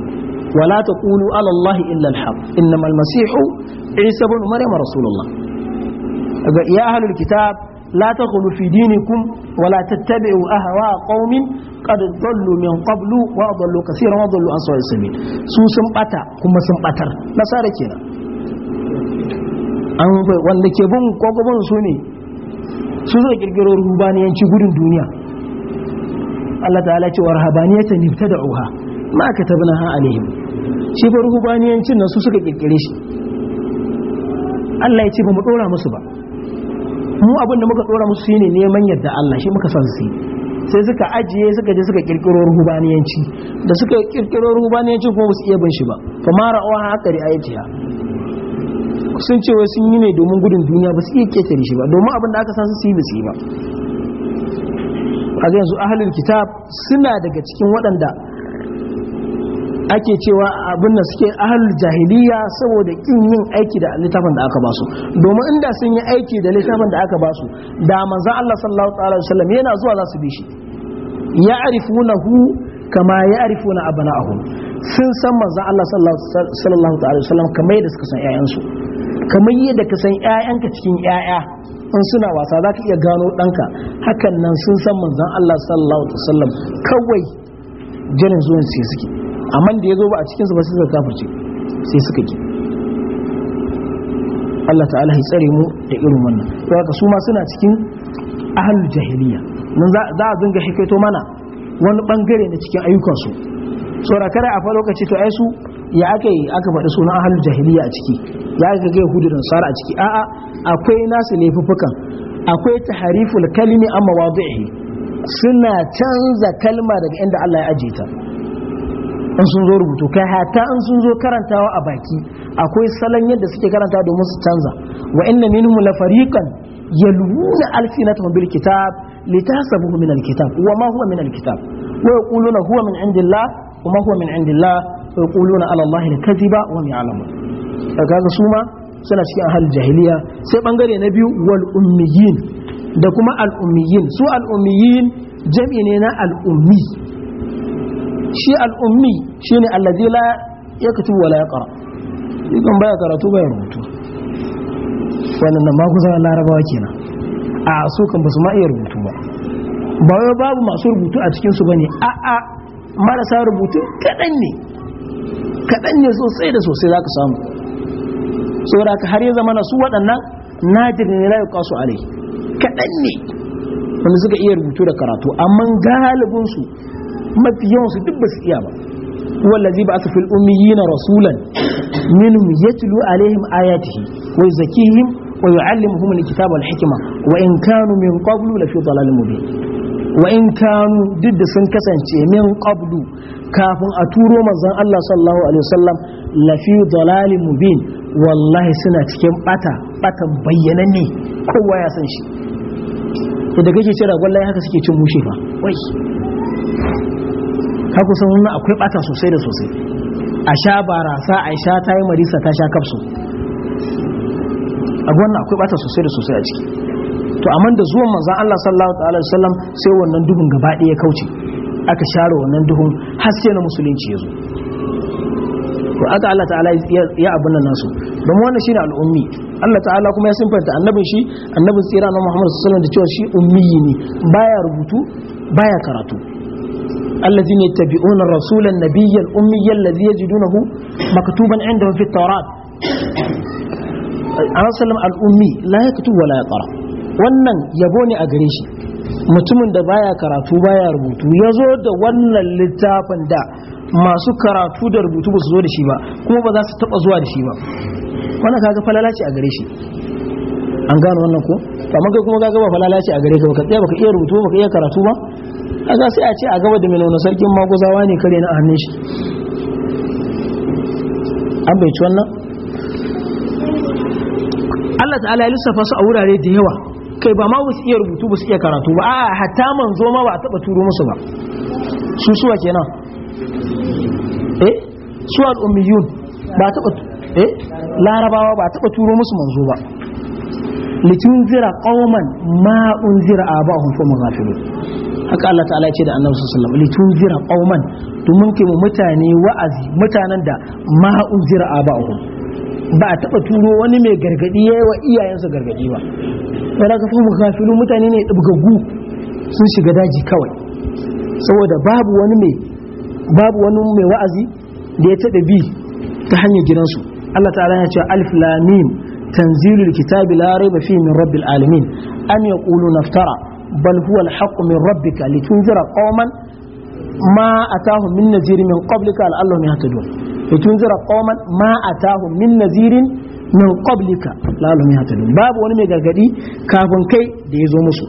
wa la taqulu ala Allah illa al-haq innamal masihu isa ibn maryam rasulullah ya ahlul kitab لا تغلوا في دينكم ولا تتبعوا أهواء قوم قد ضلوا من قبل وأضلوا كثيرا وأضلوا عن سواء السبيل سو سمبتا كما سمبتر نصارى كنا an wanda ke bin kwakwaban su ne su zai kirkiro rubaniyanci gudun duniya Allah ta'ala ce war habaniyata ne ta da'uha ma aka tabna ha alaihim shi fa rubaniyancin nan su suka kirkire shi Allah ya ce ba mu dora musu ba mu abin da muka dora musu shine neman yadda Allah shi muka san su sai suka ajiye suka je suka kirkiro ruhubaniyanci da suka kirkiro ruhubaniyanci kuma ba su iya bin shi ba kuma ra'awa haka ri'ayatiha sun ce wai sun yi ne domin gudun duniya ba su iya ketare shi ba domin abin da aka san su yi ba su yi ba a yanzu ahalin kitab suna daga cikin waɗanda ake cewa abin da suke ahal jahiliya saboda kin yin aiki da littafin da aka ba su domin inda sun yi aiki da littafin da aka ba su da manzo Allah sallallahu alaihi wasallam yana zuwa za su bi shi ya'rifunahu kama ya'rifuna abna'ahum sun san manzo Allah sallallahu alaihi wasallam kamar yadda suka san ƴaƴansu kamar yadda ka san ƴaƴanka cikin ƴaƴa in suna wasa za ka iya gano ɗanka hakan nan sun san manzon Allah sallallahu alaihi wasallam kawai jirin zuwan sai suke amma da ya zo ba a cikin su ba sai suka kafirce sai suka ki Allah ta'ala ya tsare mu da irin wannan to haka su ma suna cikin ahlul jahiliya mun za a dinga hikaito mana wani bangare na cikin ayyukan su saboda kada a fa lokaci to ai su ya aka yi aka faɗi sunan ahlul jahiliya a ciki ya aka ga yahudu da nasara a ciki a'a akwai nasu laifuffukan akwai tahariful kalimi amma wadihi suna canza kalma daga inda Allah ya ajiye ta in sun zo rubutu kai hatta in sun zo karantawa a baki akwai salon yadda suke karanta domin su canza wa inna minhum la fariqan yalwuna alsinatahum bil kitab litasabuhu min al kitab wa ma huwa min al kitab wa yaquluna huwa min indillah wa ma huwa min indillah wa yaquluna ala allahi al kadhiba wa ma ya'lamun kaga su ma suna cikin ahal jahiliya sai bangare na biyu wal ummiyin da kuma al ummiyin su al ummiyin jami'i ne na al ummi shi al'ummi shi ne allazi la ya katu wala ya ƙara ikon baya karatu baya rubutu wannan nan ma kusa larabawa kenan a su kan basu ma iya rubutu ba ba wai babu masu rubutu a cikin su bane a a marasa rubutu kaɗan ne kaɗan ne sosai da sosai za ka samu saboda ka har ya zama na su waɗannan nadir ne la yuqasu alai kaɗan ne wanda suka iya rubutu da karatu amma galibinsu su mafi yawan su duk ba su iya ba wallazi ba aka fil ummiyina rasulan minhum yatlu alaihim ayatihi wa yuzakkihim wa yu'allimuhum alkitaba wal hikma wa in kanu min qablu la dalalin dhalalin mubin wa in kanu duk da sun kasance min qablu kafin a turo manzon Allah sallallahu alaihi wasallam la fi mubin wallahi suna cikin bata batan bayyananne kowa ya san shi da kake ce ragon laye haka suke cin mushe fa wai ka kusan wannan akwai bata sosai da sosai a sha barasa a sha ta yi marisa ta sha kafsu a wannan akwai bata sosai da sosai a ciki to amma da zuwan manzan Allah sallallahu ta'ala sallam sai wannan duhun gaba ya kauce aka share wannan duhun har sai na musulunci ya zo to aka Allah ta'ala ya abin nan nasu don wannan shine al'ummi Allah ta'ala kuma ya simfanta annabin shi annabin tsira na Muhammad sallallahu alaihi wasallam da cewa shi ummi ne baya rubutu baya karatu الذين يتبعون الرسول النبي الأمي الذي يجدونه مكتوبا عندهم في التوراة أنا سلم الأمي لا يكتب ولا يقرأ wannan yabo ne a gare shi mutumin da baya karatu baya rubutu ya zo da wannan littafin da masu karatu da rubutu ba su zo da shi ba kuma ba za su taba zuwa da shi ba wannan kaga falala a gare shi an gano wannan ko to amma kai kuma kaga ba falala a gare ka ba ka tsaya ba ka iya rubutu ba ka iya karatu ba kaga sai a ce a gaba da milona sarkin maguzawa ne kare na hannun shi an bai ci wannan Allah ta'ala ya lissafa su a wurare da yawa kai ba ma wasu iya rubutu ba su iya karatu ba a hatta zo ma ba a taba turo musu ba su suwa nan eh su al'ummiyun ba taba eh larabawa ba taba turo musu manzo ba zira qauman ma unzira abahum fa mughafilun haka Allah ta'ala ce da annabi sallallahu alaihi wasallam jira qauman domin ke mu mutane wa'azi mutanen da ma unzira aba'uhum ba a taba turo wani mai gargadi yayi wa iyayensa gargadi ba wanda ka mu kafilu mutane ne dubgaggu sun shiga daji kawai saboda babu wani mai babu wani mai wa'azi da ya taɓa bi ta hanyar gidansu Allah ta'ala ya ce alif lam mim tanzilul kitabi la raiba fihi min rabbil alamin am yaquluna naftara bal huwa alhaqqu min rabbika litunzira qauman ma atahum min nazirin min qablika la'allahum yahtadun litunzira qauman babu wani mai gargadi kafin kai da ya zo musu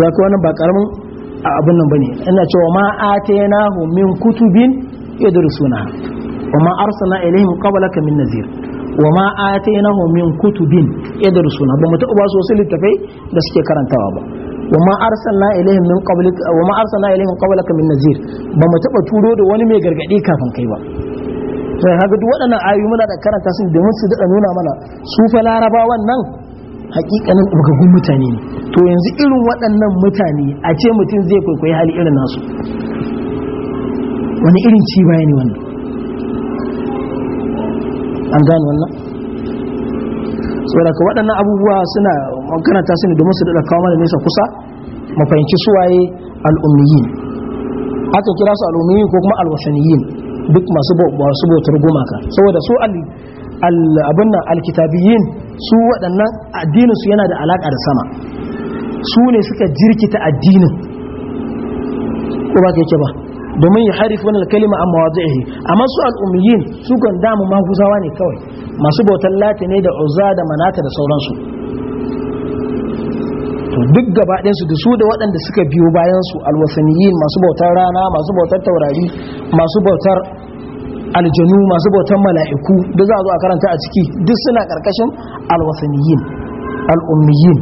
zaka wannan ba karamin abin nan bane ina cewa ma atainahu min kutubin yadrusuna wa ma arsalna ilaihim qablaka min wa ma atainahu min kutubin yadrusuna ba mutu ba wasu littafai da suke karantawa ba wa ma arsalna ilaihim min qablik wa ma arsalna ilaihim qablaka min nazir ba mu taba turo da wani mai gargadi kafin kai ba sai haka duk waɗannan ayoyi muna da karanta su domin su daɗa nuna mana su fa larabawan nan hakikanin ɓagagun mutane ne to yanzu irin waɗannan mutane a ce mutum zai kwaikwayi hali irin nasu wani irin ci baya ne wannan an gane wannan tsoraka waɗannan abubuwa suna makaranta su domin su daɗa kawo mana nesa kusa mafahimci suwaye al'ummiyin aka kira su al'ummiyin ko kuma alwasaniyin duk masu bautar gumaka saboda su abin nan alkitabiyin su waɗannan addininsu yana da alaƙa da sama su ne suka jirkita addinin ko ba ka yake ba domin ya harif wani kalima a mawazi'ihi amma su al'ummiyin su kan damu maguzawa ne kawai masu bautan lati ne da uzza da manata da sauransu to duk gaba su da su da waɗanda suka biyo bayan su alwasaniyin masu bautar rana masu bautar taurari masu bautar aljanu masu bautar mala'iku da za a zo a karanta a ciki duk suna ƙarƙashin alwasaniyin al'ummiyin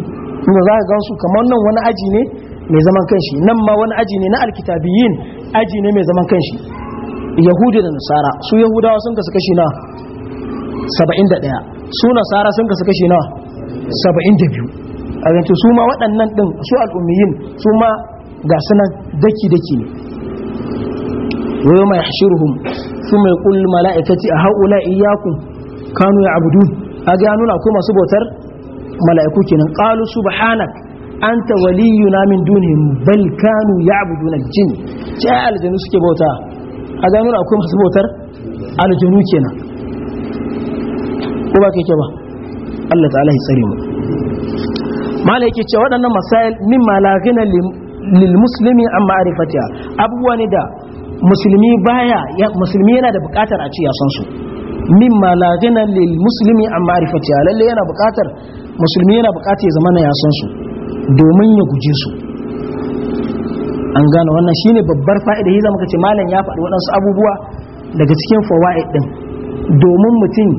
inda za ka gansu kamar nan wani aji ne mai zaman kanshi nan ma wani aji ne na alkitabiyin aji ne mai zaman kanshi yahudi da nasara su yahudawa sun kasu kashi na 71 su nasara sun kasu kashi na 72 a yanzu su ma waɗannan ɗin su al'ummiyin su ma ga sunan daki-daki ne wai mai shirhun su mai ƙul mala'ikati a haƙula iyakun kanu ya abudu a ga nuna ko masu bautar mala'iku kenan ƙalu subhanak anta waliyuna min dunihim bal kanu ya'budun al-jin ce aljanu suke bauta a ga nuna akwai masu bautar aljanu kenan ko ba ke ba Allah ta'ala ya tsare mu mala yake ce waɗannan masail min malagina lil muslimi an ma'arifatiya abubuwa ne da musulmi baya musulmi yana da buƙatar a ce ya san su min malagina lil muslimi an ma'arifatiya lalle yana buƙatar musulmi yana buƙatar ya zama na ya su domin ya guje su an gane wannan shine babbar fa'ida hiza muka ce malam ya faɗi waɗansu abubuwa daga cikin fawaid ɗin domin mutum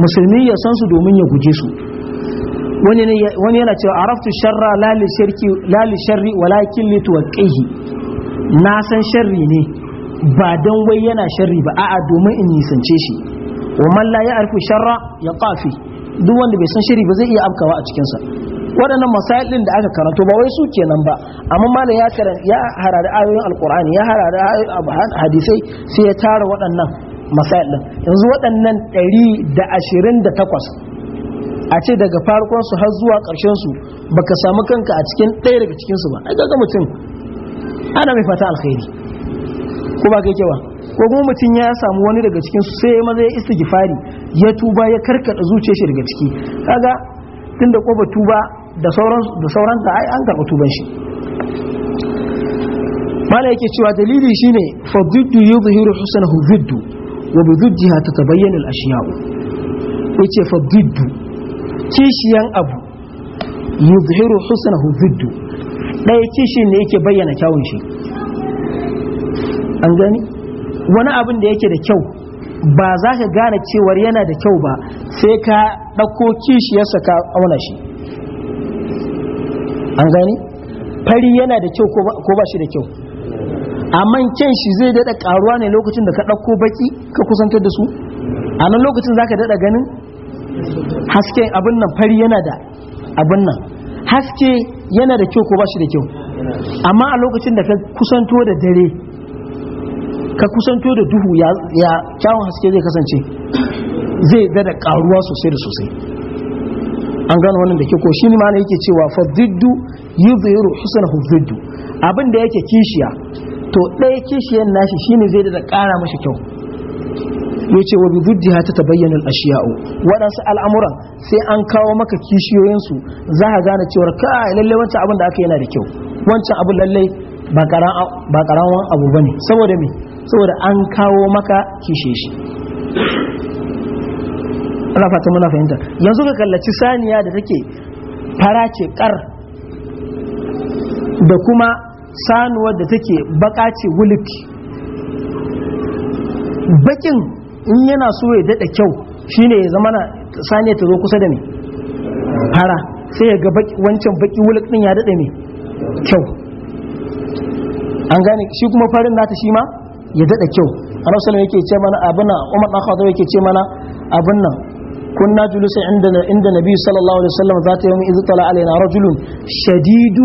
musulmi ya san su domin ya guje su wani yana cewa araftu sharra lali sharri walakin li tuwaqqihi na san sharri ne ba dan wai yana sharri ba a'a domin in nisance shi wa man la ya'rifu sharra ya qafi duk wanda bai san sharri ba zai iya afkawa a cikin waɗannan masail din da aka karanto ba wai su kenan ba amma malam ya karanta ya harare ayoyin alqur'ani ya ayoyin hadisai sai ya tara waɗannan masail din yanzu waɗannan 128 a ce daga farkon su har zuwa ƙarshen su baka samu kanka a cikin ɗaya daga cikin su ba ai ga mutum ana mai fata alkhairi ko ba kai kewa ko kuma mutum ya samu wani daga cikin su sai maza ya istighfari ya tuba ya karkada zuciyar shi daga ciki kaga tunda ko ba tuba da sauran da sauran ta ai an karɓi tuban shi mala yake cewa dalili shine fa ziddu yuzhiru husnahu ziddu wa bi ziddiha tatabayyana al-ashya'u yace fa ziddu kishiyan abu yuzhiru husnahu ziddu dai kishi ne yake bayyana kyawun shi an gani wani abin da yake da kyau ba za ka gane cewar yana da kyau ba sai ka ɗauko kishiyarsa ka auna shi an gani? fari yana da kyau ko ba shi da kyau amma kyan shi zai daɗa ƙaruwa ne lokacin da ka ɗauko baki ka kusantar da su a nan lokacin za ka daɗa ganin Haske abin nan fari yana da abin nan haske yana da kyau ko ba shi da kyau amma a lokacin da ka kusanto da dare ka kusanto da duhu ya kyawun haske zai kasance zai daɗa ƙaruwa sosai da sosai an gano wannan da ke ko shi ne ma yake cewa fa ziddu yuzhiru husnahu ziddu abin da yake kishiya to ɗaya kishiyan nashi shine zai da ƙara mashi kyau ya ce wa biduddiha ta tabayyanin ashiya'u waɗansu al'amuran sai an kawo maka kishiyoyinsu za ka gane cewar kai lallai wancan abin da aka yana da kyau wancan abin lallai ba karawan abu bane saboda me saboda an kawo maka kishe shi ana fata muna fahimta yanzu ka kallaci saniya da take fara ce kar da kuma sanuwar da take baka ce wulik bakin in yana so ya daɗa kyau shine ya zama saniya ta zo kusa da mai fara sai ya ga wancan baki wulik din ya daɗa mai kyau an gane shi kuma farin nata shi ma ya daɗa kyau a nasarar yake ce mana abin umar ɗan yake ce mana abin nan كنا جلوس عند عند النبي صلى الله عليه وسلم ذات يوم اذ طلع علينا رجل شديد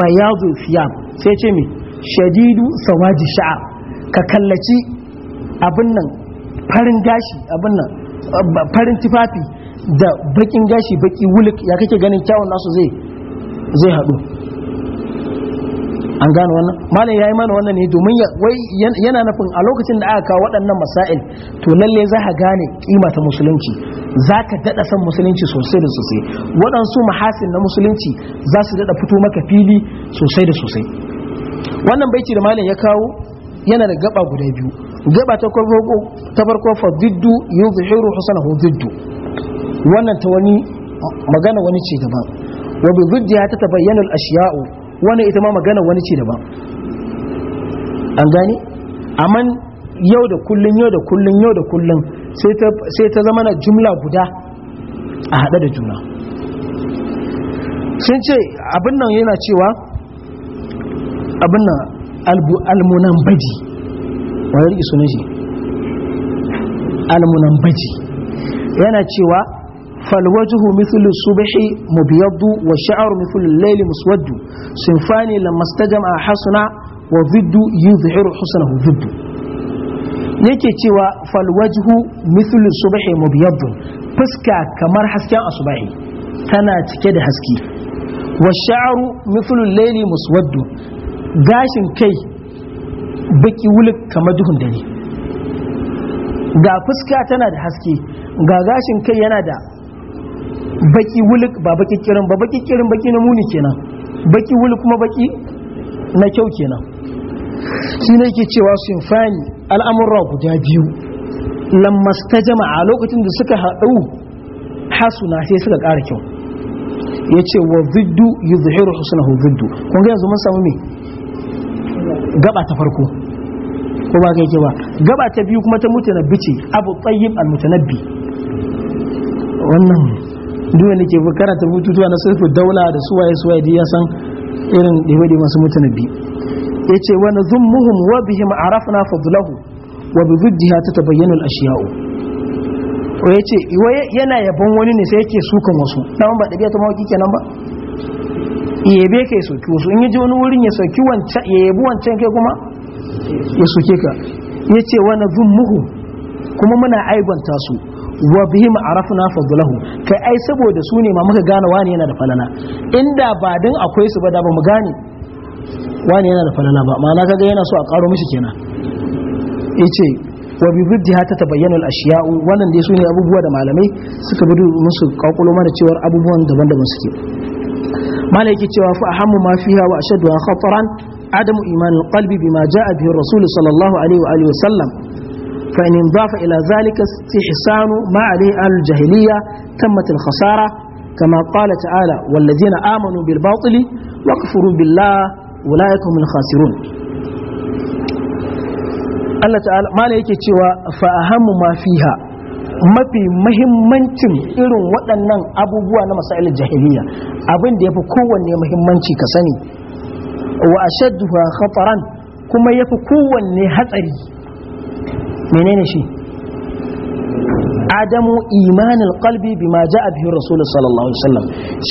بياض الثياب سيتمي شديد سواد الشعر ككلتي abinnan farin gashi abinnan farin tufafi da bakin gashi baki wulik ya kake ganin kyawun nasu zai zai haɗu an gano wannan malam yayi mana wannan ne domin wai yana nufin a lokacin da aka kawo waɗannan masail to lalle za ka gane kima ta musulunci za ka daɗa san musulunci sosai da sosai waɗansu mahasin na musulunci za su daɗa fito maka fili sosai da sosai wannan baiti da malam ya kawo yana da gaba guda biyu gaba ta farko ta farko fa diddu yuzhiru husnahu diddu wannan ta wani magana wani ce daban wa bi diddiha ta tabayyana al-ashya'u wannan ita ma magana wani ce daban an gane amma yau da kullun yau da kullun yau da kullun sai ta zama na jumla guda a haɗe da juna sun ce abin nan yana cewa abin nan almunan baji wani riƙi sunan shi almunan baji yana cewa فالوجه مثل الصبح مبيض والشعر مثل الليل مسود صنفان لما استجمع حسنا وضد يظهر حسنه ضد yake cewa falwajhu mithlu subhi mubyadun fuska kamar hasken asubahi tana cike da haske wa sha'ru mithlu layli muswaddu gashin kai baki wuluk kamar duhun dare ga fuska tana da haske ga gashin kai yana da baki wuluk ba baki kirin ba baki kirin baki na muni kenan baki wuluk kuma baki na kyau kenan shi ne ke cewa fani al'amurra guda biyu lammas ta jama'a lokacin da suka haɗu hasuna sai suka ƙara kyau ya ce wa ziddu yi zuhiru husnahu ziddu kun ga yanzu mun samu me gaba ta farko ko ba kai ba gaba ta biyu kuma ta mutanabbi ce abu tsayyib al-mutanabbi wannan duk wanda ke karanta bututuwa na sulhu daula da suwaye suwaye da ya irin ɗibaɗi masu bi. ya ce wani zummuhum wa bihim arafna fadlahu wa bi zuddiha ta tabayyana al'ashiya'u ko ya ce yana yabon wani ne sai yake sukan wasu dan ba ɗabi'a ta mawaki kenan ba yabe ka ya sauki wasu in yaji wani wurin ya sauki wancan ya yabi wancan kai kuma ya sauke ka ya ce wani zummuhum kuma muna aibanta su wa bihim arafna fadlahum kai ai saboda su ne ma muka gane wani yana da falala inda ba din akwai su ba da ba mu gane wani yana da falala ba ma'ana kaga yana so a karo mishi kenan yace wa bi biddiha ta tabayyana al-ashiya'u wannan dai sune abubuwa da malamai suka bi musu kalkulo mana cewar abubuwan daban-daban suke yake cewa fa ahammu ma fiha wa ashaddu khataran adamu imanin al-qalbi bima ja'a bihi rasul sallallahu alaihi wa alihi wa sallam فإن انضاف إلى ذلك استحسان ما عليه أهل الجاهلية تمت الخسارة كما قال تعالى والذين آمنوا بالباطل وكفروا بالله أولئك هم الخاسرون الله تعالى ما عليك سوى فأهم ما فيها ما في مهم من تم إلو وأنا أبو بوانا مسائل الجاهلية أبن دي أبو كوان دي مهم من كساني وأشدها خطرا كما يفو كوان هتري menene shi adamu imanin kalbi bi ma ja'a bihi rasul sallallahu alaihi wasallam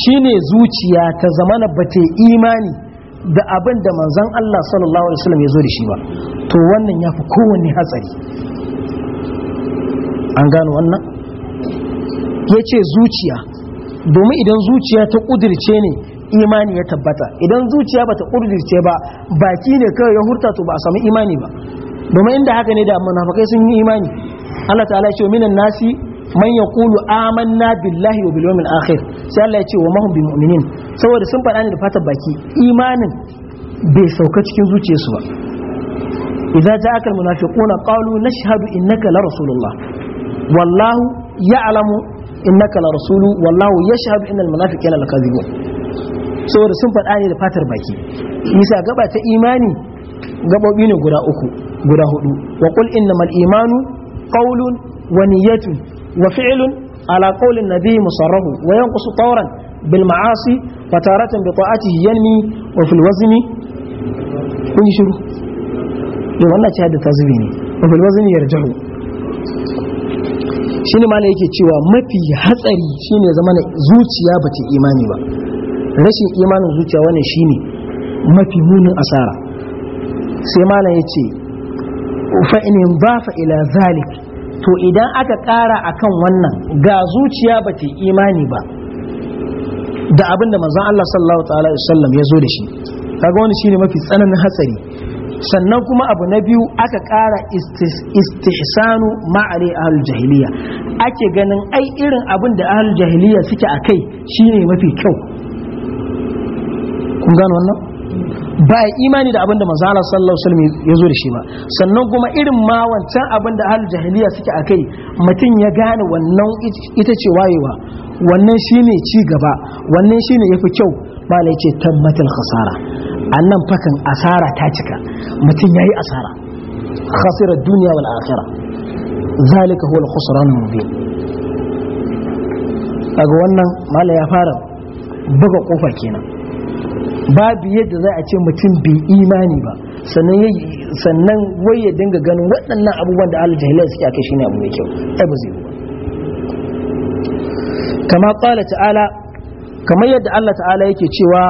shine zuciya ta zamana bata imani da abin da manzon Allah sallallahu alaihi wasallam ya zo da shi ba to wannan yafi kowanne hatsari an gano wannan yace zuciya domin idan zuciya ta kudirce ne imani ya tabbata idan zuciya bata kudirce ba baki ne kawai ya hurta to ba a samu imani ba domin inda haka ne da munafikai sun yi imani Allah ta'ala ce minan nasi man yaqulu amanna billahi wa bil yawmil akhir sai Allah ya ce wa mahum bimu'minin saboda sun faɗa ne da fatar baki imanin bai sauka cikin zuciyarsu ba idza ja'aka al munafiquna qalu nashhadu innaka la rasulullah wallahu ya'lamu innaka la rasulu wallahu yashhadu innal munafiqina lakazibun saboda sun faɗa ne da fatar baki nisa gaba ta imani gabobi ne guda uku guda hudu wa qul innamal imanu qawlun wa niyyatun wa fi'lun ala qawli nabi musarrahu wa yanqusu tawran bil ma'asi wa taratan bi ta'atihi yanmi wa fil wazni kun shiru ne wannan ce da tazbi ne wa fil wazni yarjahu shine malai yake cewa mafi hatsari shine zaman zuciya bata imani ba rashin imanin zuciya wannan shine mafi munin asara sai malam ya ce in ba ila zalik to idan aka ƙara akan wannan ga zuciya ba ta imani ba da abin da manzon Allah sallallahu ta'ala sallam ya zo da shi kaga wani shine mafi tsananin hatsari sannan kuma abu na biyu aka ƙara istihsanu ma'ali ahlul jahiliya ake ganin ai irin abin da ahlul jahiliya suke akai shine mafi kyau kun gano wannan ba ya imani da abin da manzala sallallahu alaihi ya zo da shi ba sannan kuma irin ma wancan abin da ahlul jahiliya suke a kai mutum ya gane wannan ita ce wayewa wannan shine ci gaba wannan shine yafi kyau ba la yace hasara. khasara annan fakan asara ta cika mutum yayi asara khasira dunya wal akhirah zalika huwa al-khusran mubin Daga wannan mala ya fara buga kofa kenan babu yadda za a ce mutum bai imani ba sannan wai ya dinga ganin waɗannan abubuwan da ala jahiliya suke shi shine abu mai kyau ai ba zai ba kama qala ta'ala kamar yadda Allah ta'ala yake cewa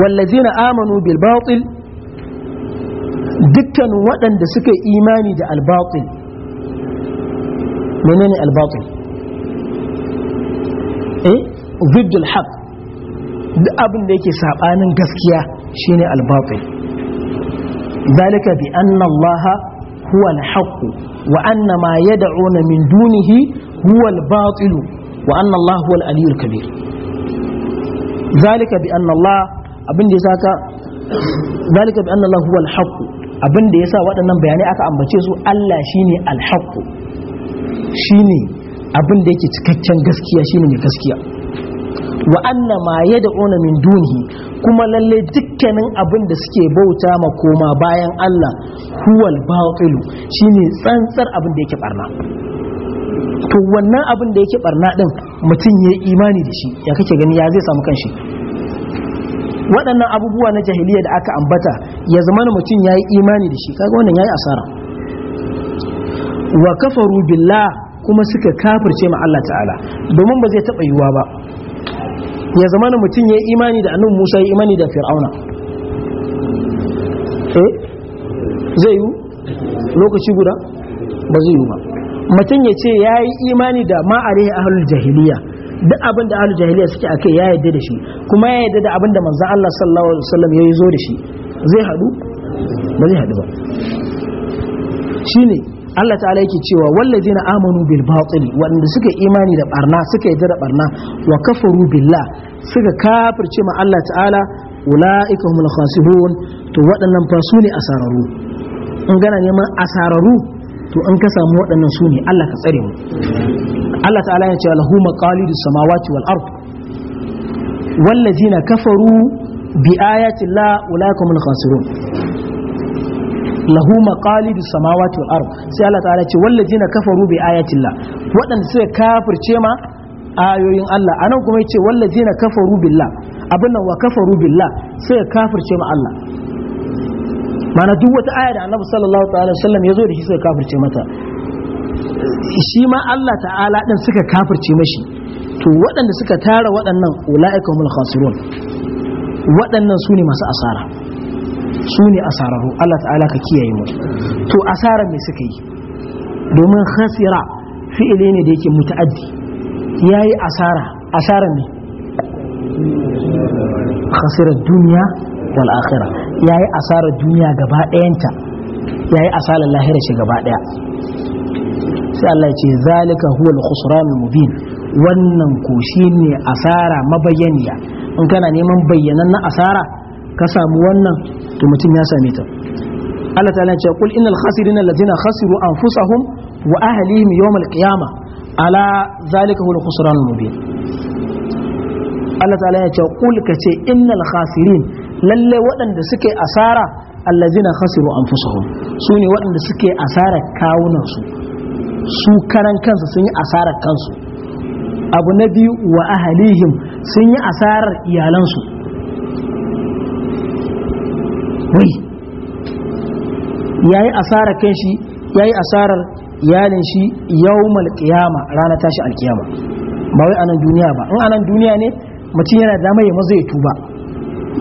wallazina amanu bil batil dukkanin waɗanda suka imani da al batil menene al eh ضد الحق duk abin da yake sabanin gaskiya shine al-batil zalika bi anna allaha huwa al-haqq wa anna ma yad'una min dunihi huwa al-batil wa anna allaha huwa al kabir zalika bi anna allah abin da yasa ka zalika bi anna allah huwa al abin da yasa waɗannan bayanai aka ambace su Allah shine al-haqq shine abin da yake cikakken gaskiya shine mai gaskiya wa anna ma yad'una min dunihi kuma lalle dukkanin abin da suke bauta ma koma bayan Allah huwal batilu shine tsantsar abin da yake barna to wannan abin da yake barna din mutum ya imani da shi ya kake gani ya zai samu kanshi waɗannan abubuwa na jahiliya da aka ambata ya zama mutum ya yi imani da shi kaga wannan ya yi asara wa kafaru billah kuma suka kafirce ma Allah ta'ala domin ba zai taɓa yiwuwa ba ya zama na mutum ya imani da annabi Musa ya imani da Fir'auna eh zai yi lokaci guda ba zai yi ba mutum ya ce ya yi imani da ma'arihi ahlul jahiliya duk abin da ahlul jahiliya suke akai ya yadda da shi kuma ya yadda da abin da manzon Allah sallallahu alaihi wasallam ya yi zo da shi zai hadu ba zai hadu ba shine Allah ta'ala yake cewa wallazina amanu bil batil wanda suka imani da barna suka yi da barna wa kafaru billah suka kafirce ma Allah ta'ala ulaika humul khasirun to waɗannan fa su ne asararu in gana neman asararu to in ka samu waɗannan su Allah ka tsare mu Allah ta'ala ya ce lahu maqalidus samawati wal ard wallazina kafaru bi ayati la ulaika humul khasirun lahu maqalidu samawati wal ard sai Allah ta'ala ce wallazina kafaru bi ayatillah waɗanda suka kafirce ma ayoyin Allah anan kuma yace wallazina kafaru billah abin nan wa kafaru billah sai kafirce ma Allah mana duk wata aya da Annabi sallallahu ta'ala sallam zo da shi suka kafirce mata shi ma Allah ta'ala din suka kafirce mashi to waɗanda suka tara waɗannan ula'ika humul khasirun waɗannan su ne masu asara su ne asararru Allah ta'ala ka kiyaye mu to asarar me suka yi domin khasira fi'ili ne da yake muta'addi yayi asara asara ne khasirar duniya wal akhirah yayi asarar duniya gaba ɗayanta yayi asarar lahira shi gaba ɗaya sai Allah ya ce zalika huwa al-khusran mubin wannan ko shine asara mabayaniya in kana neman bayyanan na asara ka samu wannan to mutum ya same ta Allah ta'ala ya kul innal khasirina allazina khasiru anfusahum wa ahlihim yawm al-qiyamah ala zalika huwa al-khusran mubin Allah Ta ya ce kul kace innal khasirin lalle waɗanda suke asara allazina khasiru anfusahum su ne waɗanda suke asara kawunan su su karan kansu sun yi asarar kansu abu na biyu wa ahalihim sun yi asarar iyalansu ya yayi asarar kai shi yi asarar iyalin shi yau qiyama rana tashi alkiyama ba wai anan duniya ba in anan duniya ne mutum yana da mai maza ya tuba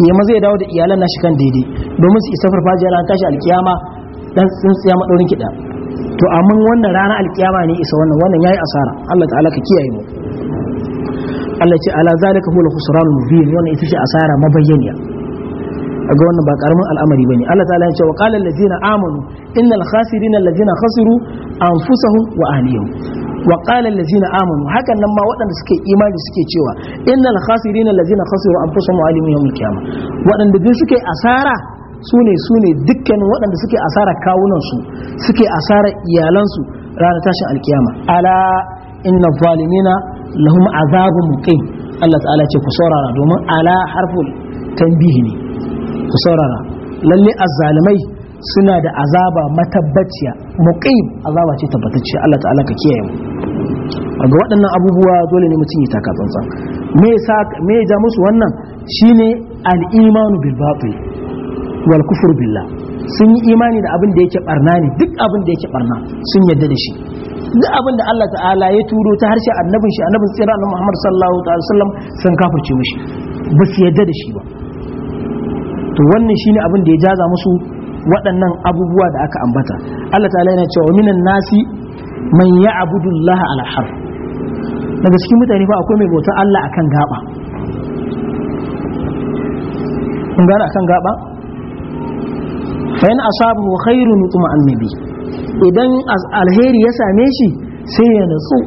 ya maza ya dawo da iyalan nashi kan daidai domin su isa farfajiya ranar tashi alkiyama dan tsintsiya maɗaurin kiɗa to amma wannan ranar alkiyama ne isa wannan wannan yi asara Allah ta'ala ka kiyaye mu Allah ce ala zalika huwa al-khusran mubin wannan ita ce asara mabayyaniya kaga wannan ba karamin al'amari bane Allah ta'ala ya ce wa qala allazina amanu innal khasirina allazina khasiru anfusahum wa ahlihim wa qala allazina amanu hakan nan ma waɗanda suke imani suke cewa innal khasirina allazina khasiru anfusahum wa ahlihim yawmul qiyamah waɗanda duk suke asara sune sune dukkanin waɗanda suke asara kawunan su, suke asara iyalan su ranar tashin alkiyama ala inna zalimina lahum azabun muqim Allah ta'ala ce ku saurara domin ala harful tanbihi ne ku saurara lalle azzalimai suna da azaba matabbaciya muqim azaba ce tabbatacciya Allah ta'ala ka kiyaye mu ga waɗannan abubuwa dole ne mutum ya taka tsantsan me yasa me ya ja musu wannan shine al-imanu bil batil wal kufur billah sun yi imani da abin da yake barna ne duk abin da yake barna sun yadda da shi duk abin da Allah ta'ala ya turo ta harshe annabin shi annabin tsira na Muhammad sallallahu alaihi wasallam sun kafirce mishi ba su yadda da shi ba to wannan shine abin da ya jaza musu waɗannan abubuwa da aka ambata Allah ta'ala yana cewa minan nasi man ya'budu Allah ala har daga cikin mutane fa akwai mai bautar Allah akan gaba kun gara akan gaba fa in asabu khairun Annabi. idan alheri ya same shi sai ya nutsu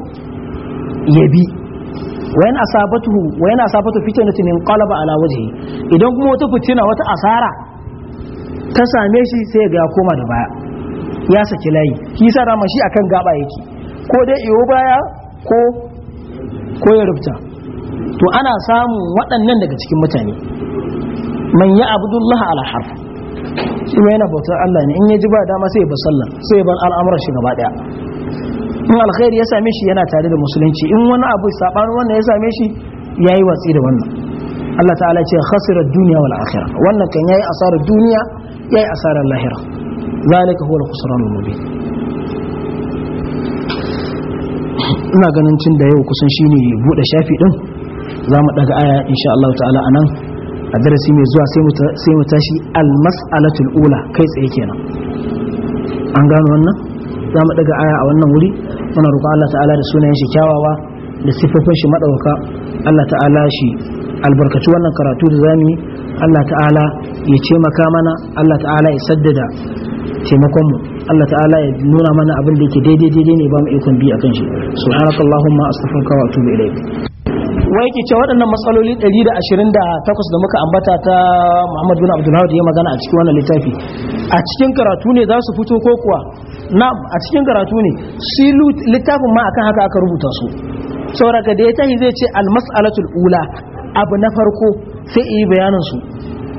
yabi bi wayan asabatuhu wayan asabatu fitnatu min qalaba ala wajhi idan kuma wata fitina wata asara ta same shi sai ga ya koma da baya ya saki layi kisa rama shi akan gaba yake ko dai iyo baya ko ko ya rubuta to ana samun waɗannan daga cikin mutane man ya abdullah ala harf shi bautar Allah ne in ya ji ba dama sai ya bar sallah sai ya bar al'amuran shi gaba daya in alkhairi ya same shi yana tare da musulunci in wani abu sabanin wannan ya same shi yayi watsi da wannan Allah ta'ala ce khasira duniya wal akhirah wannan kan yayi asarar duniya yayi asarar lahira zalika huwa al-khusran al-mubin ina ganin cin da yau kusan shine bude shafi din za mu daga aya insha Allah ta'ala anan a darasi mai zuwa sai mu tashi al-mas'alatul ula kai tsaye kenan an gano wannan za mu daga aya a wannan wuri muna roƙon Allah ta'ala da sunayen shi kyawawa da sifofin shi madauka Allah ta'ala shi albarkaci wannan karatu da zamu yi Allah ta'ala ya ce maka mana Allah ta'ala ya saddada taimakon mu Allah ta'ala ya nuna mana abin da yake daidai daidai ne ba mu ikon bi akan shi subhanakallahumma astaghfiruka wa atubu ilayk wai ke ce waɗannan matsaloli 128 da muka ambata ta Muhammad bin Abdullah ya magana a cikin wannan littafi a cikin karatu ne za su fito ko kuwa na'am a cikin karatu ne shi littafin ma akan haka aka rubuta su sauraka da ya tahi zai ce almas'alatul ula abu na farko sai yi bayanin su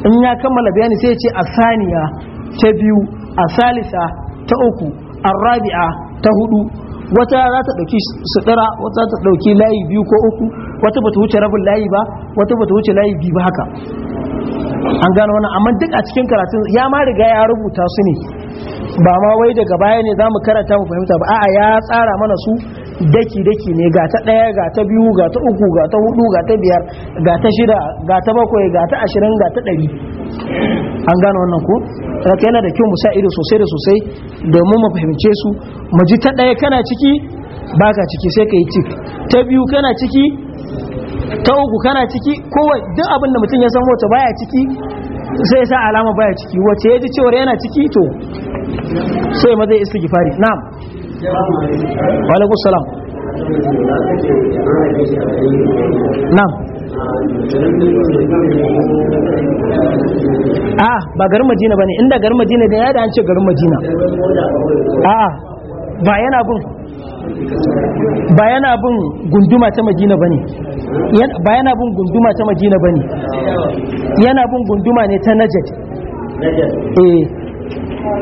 in ya kammala bayani sai ya ce asaniya ta biyu asalisa ta uku Rabi'a ta hudu wata za ta dauki sutura wata za ta dauki layi biyu ko uku wata bata wuce rabin layi ba wata bata wuce layi biyu ba haka an gano wannan amma duk a cikin karatun ya ma riga ya rubuta su ne ba ma wai daga baya ne za mu karanta mu fahimta ba a'a ya tsara mana su daki daki ne ga ta ɗaya ga ta biyu ga ta uku ga ta hudu ga ta biyar ga ta shida ga ta bakwai ga ta ashirin ga ta ɗari an gane wannan ko raka yana da kyau mu sa ido sosai da sosai domin mu fahimce su mu ji ta ɗaya kana ciki ba ka ciki sai ka yi cik ta biyu kana ciki ta uku kana ciki kowai duk abin da mutum ya san wata baya ciki sai sa alama baya ciki wace ya ji cewar yana ciki to sai ma zai istighfari na'am wa alaikum salam na'am Ah, ba garin madina bane inda garin madina da ya da an ce garin madina a ba yana gun ba yana bin gunduma ta majina ba ne ba yana bin gunduma ta majina ba ne yana bin gunduma ne ta najad eh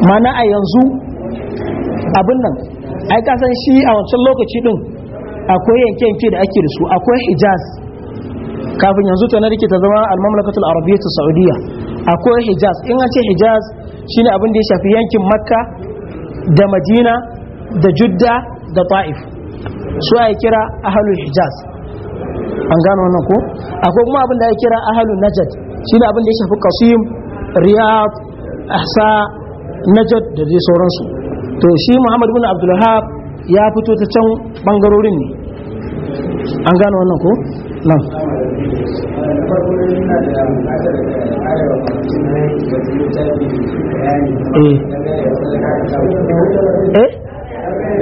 mana a yanzu abin nan ai kasan shi a wancan lokaci din akwai yanke-yanke da ake da su akwai hijaz kafin yanzu ta narke ta zama al-mamlakatul arabiyyah ta saudiya akwai hijaz in an ce hijaz shine abin da ya shafi yankin makka da madina da judda da ta'if su ya kira ahalul hijaz an gano wannan ko akwai kuma abin da ya kira ahalul najad shi ne abin da ya shafi kasim riyad ahsa najad da dai sauransu to shi muhammad bin abdulhab ya fito ta can bangarorin ne an gano wannan ko nan eh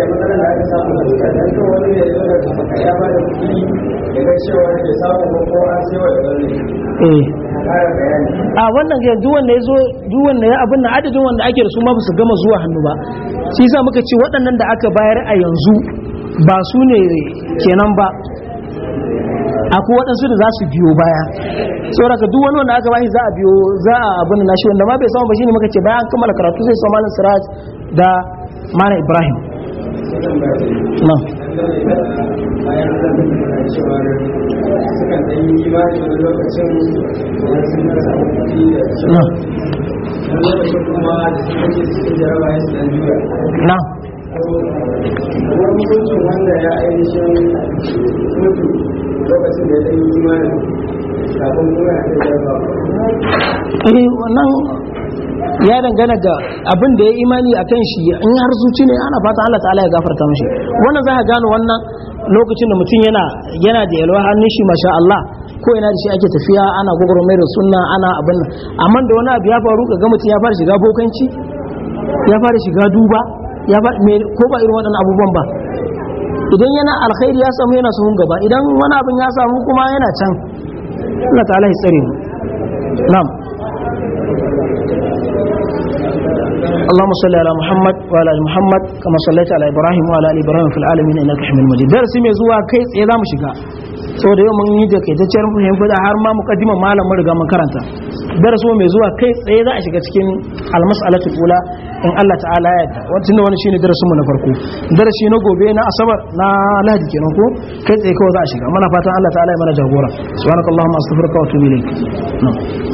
da aka samu da wani ne ya da ba da kuɗi ga cewa ya samu ko ko an sai wani a wannan ga duk wanda ya zo duk wanda ya abin nan adadin wanda ake da su ma ba su gama zuwa hannu ba shi yasa muka ce waɗannan da aka bayar a yanzu ba su ne kenan ba akwai waɗansu da za su biyo baya ka duk wani wanda aka bayar za a biyo za a abin da nashi wanda ma bai samu ba shine muka ce bayan kammala karatu zai samu malam siraj da malam ibrahim na da ya dangana ga abin da ya imani a kan shi in har zuci ne ana fata Allah ta'ala ya gafarta mashi wannan za a gano wannan lokacin da mutum yana yana da yalwa hannun shi masha Allah ko yana da shi ake tafiya ana da sunna ana abin nan amma da wani abu ya faru ga mutum ya fara shiga bokanci ya fara shiga duba ya ko ba irin waɗannan abubuwan ba idan yana alkhairi ya samu yana sahun gaba idan wani abin ya samu kuma yana can Allah ta'ala ya tsare mu na'am اللهم صل على محمد وعلى ال محمد كما صليت على ابراهيم وعلى ال ابراهيم في العالمين انك حميد مجيد درسي mai zuwa kai tsaye zamu shiga saboda yau mun yi da kai ta ciyar har ma mukaddima malam mun riga mun karanta darasi kai tsaye za a shiga cikin almas'alatul ula in Allah ta'ala ya yarda wani shine darasin mu na farko darasi na gobe na asabar na lahadi kenan ko kai tsaye kawai za a shiga muna fatan Allah ta'ala ya mana jagora subhanakallahumma astaghfiruka wa